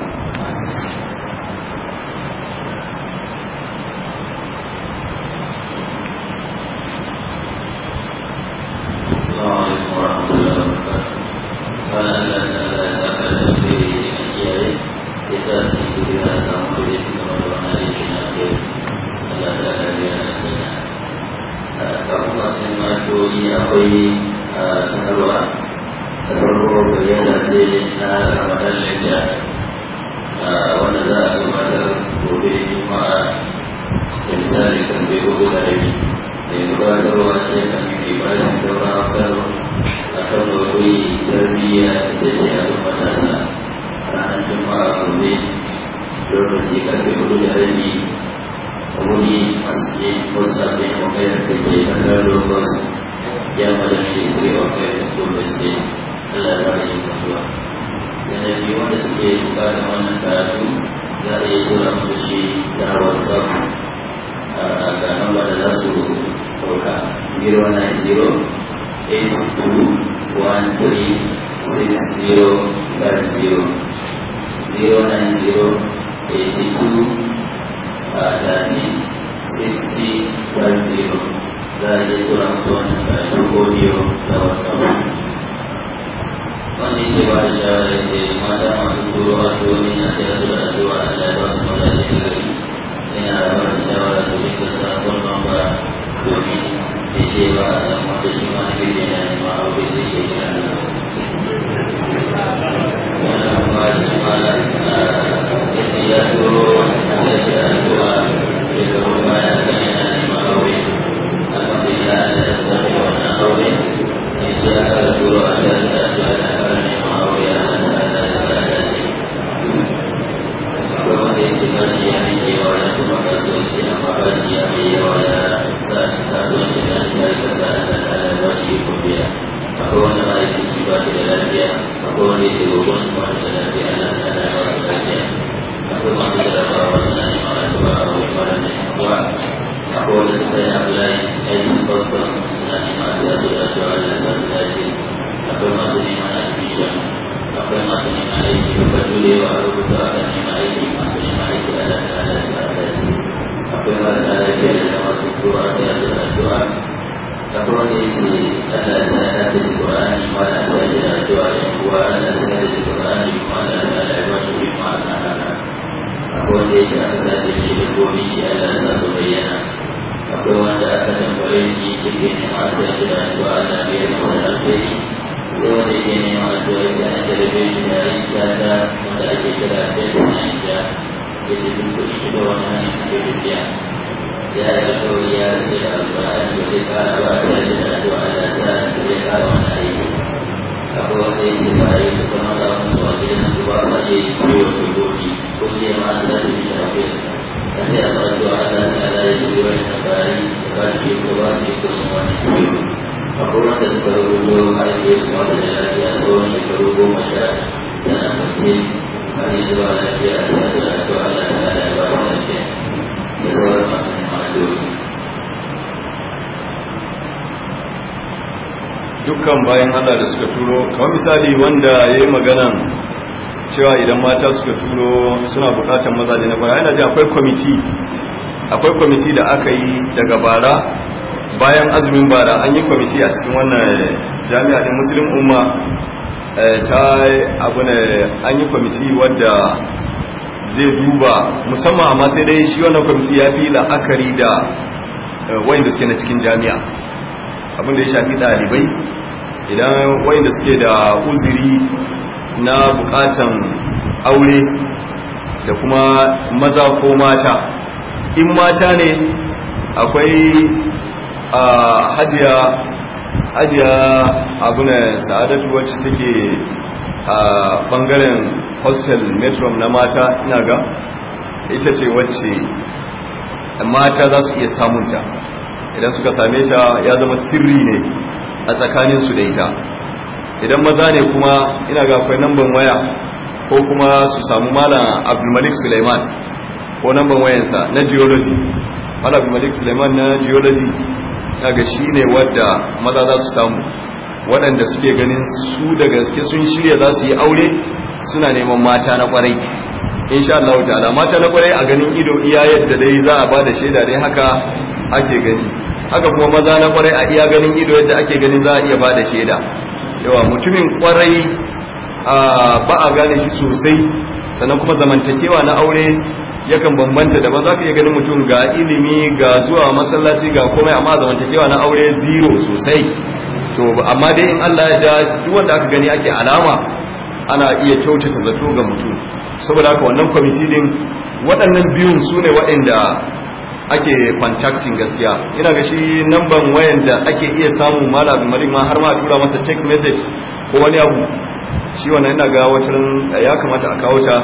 wanda yake aka sace mishi dabbobi shi Allah ya sa su bayyana akwai wanda aka tambare shi yake neman addu'a shi da addu'a Allah bai yi masa alheri sai wanda yake neman addu'a shi ana jarabe shi da yin caca wanda ake kira death ninja da shi duk kuɗi shi da wani hannun cikin dukiya ya yi alkawari ya rasa da ada da zai kara ba aku tare da addu'a Allah ya sa da zai kara kulle ma za ta shafe su kan yi asa addu'a Allah ta'ala ya ce wa ina bayi da ba shi ko ba su yi kullum wani biyu akwai wanda suka rubuto mahaifiyarsu wanda da lafiya tsawon shekaru goma sha yana mace har ya masu dukkan bayan Allah da suka turo kamar misali wanda ya yi maganan cewa idan mata suka turo suna bukatar mazaje na baya yana ji akwai kwamiti akwai kwamiti da aka yi daga bara bayan azumin bara an yi kwamiti a cikin wannan eh, jami'a din musulun umma eh, ta ne an yi kwamiti wadda zai duba musamman amma sai dai shi wannan kwamiti ya fi la'akari da eh, wayan da suke na cikin jami'a abinda ya shafi ɗalibai idan wayanda suke da uziri na bukatan aure da kuma maza ko mata in mata ne akwai a hajiya hajiya abinan sa'adatu wacce take a bangaren hostel metro na mata ina ga ita ce wacce mata za su iya samunta idan suka same ta ya zama sirri ne a tsakaninsu da ita idan maza ne kuma ina ga akwai namban waya ko kuma su samu malam abdulmalik suleiman ko namban wayansa na geology malam abdulmalik suleiman na geology na ga shi ne wadda maza za su samu waɗanda suke ganin su da gaske sun shirya za su yi aure suna neman mata na kwarai insha Allah ta'ala mata na kwarai a ganin ido iya yadda dai za a ba da shaida dai haka ake gani haka kuma maza na kwarai a iya ganin ido yadda ake ganin za a iya ba da shaida yawa mutumin kwarai ba a gane shi sosai sannan kuma zamantakewa na aure yakan bambanta daban za ka iya ganin mutum ga ilimi ga zuwa masallaci ga komai amma zamantakewa na aure zero sosai to amma dai in Allah ya duk wanda aka gani ake alama ana iya kyautata zato ga mutum saboda haka wannan kwamiti din waɗannan biyun su ne waɗanda ake contacting gaskiya ina ga shi namban wayan da ake iya samu mala mari ma har ma tura masa text message ko wani abu shi wannan ina ga wacin eh, ya kamata a kawo ta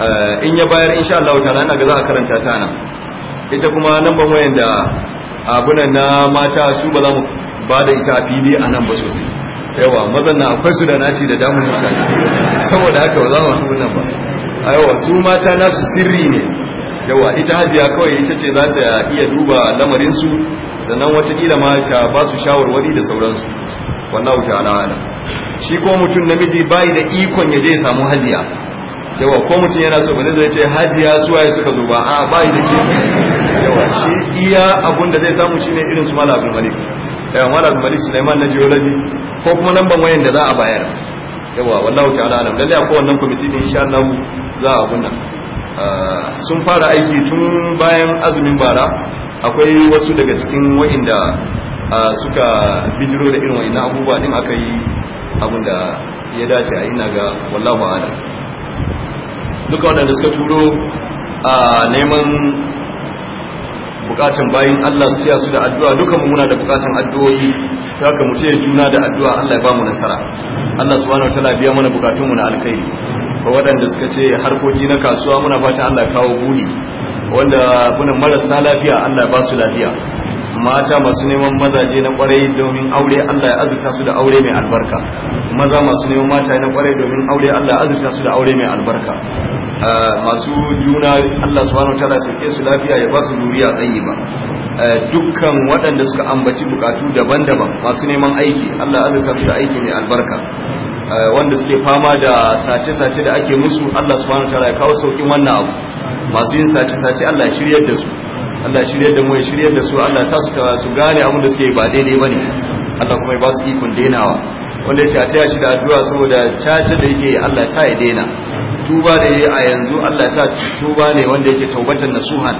eh, in ya bayar insha Allah ta ina ga za a karanta ta nan ita kuma namban wayan da abunan na mata su ba za mu ba da ita a fili a nan ba sosai yawa mazan na akwai su da naci da damun mutane saboda haka ba za mu nan ba a yawa su mata nasu sirri ne yawa ita hajiya kawai ita ce za ta iya duba lamarinsu sannan watakila ma ta ba su shawarwari da sauransu wallahu ta'ala alam shi ko mutum namiji bai da ikon ya je samu hajiya yawa ko mutum yana so bane zai ce hajiya suwaye suka zo ba a bai da ke yawa shi iya abun da zai samu shine irin su mala abdul malik yawa mala abdul malik sulaiman na geology ko kuma namban wayan da za a bayar yawa wallahu ta'ala alam lalle akwai wannan committee din insha Allah za a gunna Ah, sun fara aiki tun bayan azumin bara akwai wasu daga cikin wa'inda ah, suka bijiro da irin wa'ina abubuwa din aka yi abin da ya dace a ina ga wallahu ala duka waɗanda suka turo a ah, neman bukatan bayin Allah su tiya su da addu'a duka muna da bukatan addu'o'i ta haka mu ce juna da addu'a Allah ya ba mu nasara Allah su wa wata labiya mana bukatunmu na alkhairi waɗanda suka ce harkoki na kasuwa muna fata Allah kawo buri wanda muna marasa lafiya Allah ba su lafiya mata masu neman mazaje na kwarai domin aure Allah ya azurta su da aure mai albarka maza masu neman mata na kwarai domin aure Allah ya azurta su da aure mai albarka ah, masu juna Allah subhanahu wataala ya su lafiya ya ba su zuriya ba eh, dukkan waɗanda suka ambaci bukatu daban-daban masu neman aiki Allah ya azurta su da aiki mai albarka Eh, wanda suke fama da sace-sace da ake musu Allah subhanahu wataala ya kawo saukin wannan abu masu yin sace-sace Allah ya shiryar da su Allah ya shiryar da mu ya shiryar da su Allah ya sa su su gane abin da suke ba daidai bane Allah kuma ya ba su ikon dainawa wanda ya ce a taya shi da addu'a saboda caca da yake Allah ya sa ya daina tuba da yi a yanzu Allah ya sa tuba ne wanda yake taubatan nasuhan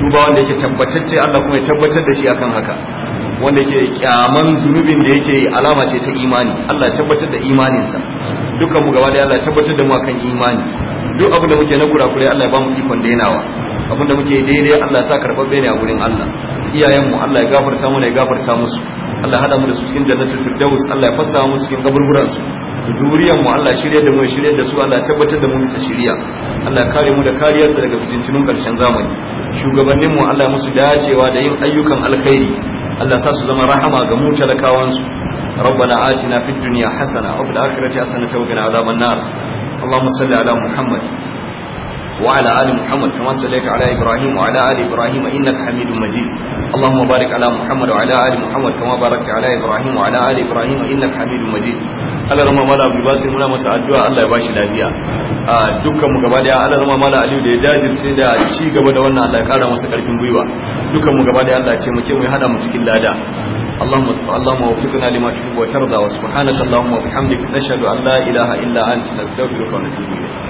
tuba wanda yake tabbatacce Allah kuma ya tabbatar da shi akan haka wanda yake kyaman zunubin da yake alama ce ta imani Allah ya tabbatar da imaninsa dukkan mu gaba da Allah ya tabbatar da mu akan imani duk abin da muke na kurakure Allah ya ba mu ikon dainawa abin da muke daidai Allah ya sa karɓaɓɓe ne a gurin Allah iyayenmu Allah ya gafarta mu ne ya gafarta musu Allah ya hada mu da su cikin jannatul firdaus Allah ya fassa mu cikin kaburburan su zuriyan mu Allah shirye da mu shirye da su Allah tabbatar da mu bisa shiriya Allah kare mu da kariyarsa daga fitintunun karshen zamani shugabannin mu Allah musu dacewa da yin ayyukan alkhairi Allah sa su zama rahama ga mu talakawan su ربنا آتنا في الدنيا حسنة وفي الآخرة حسنة وقنا عذاب النار اللهم صل على محمد وعلى آل محمد كما صليت على إبراهيم وعلى آل إبراهيم إنك حميد مجيد اللهم بارك على محمد وعلى آل محمد كما باركت على إبراهيم وعلى آل إبراهيم إنك حميد مجيد Allah rama mala Abdul Basim muna masa addu'a Allah ya bashi lafiya a dukkan mu gaba daya Allah rama mala Aliyu da ya jajirce da ci gaba da wannan Allah ya kara masa karfin gwiwa dukkan mu gaba daya Allah ya ce mu ke mu hada mu cikin lada اللهم اللهم وفقنا لما تحب وترضى وسبحانك اللهم وبحمدك نشهد ان لا اله الا انت نستغفرك ونتوب اليك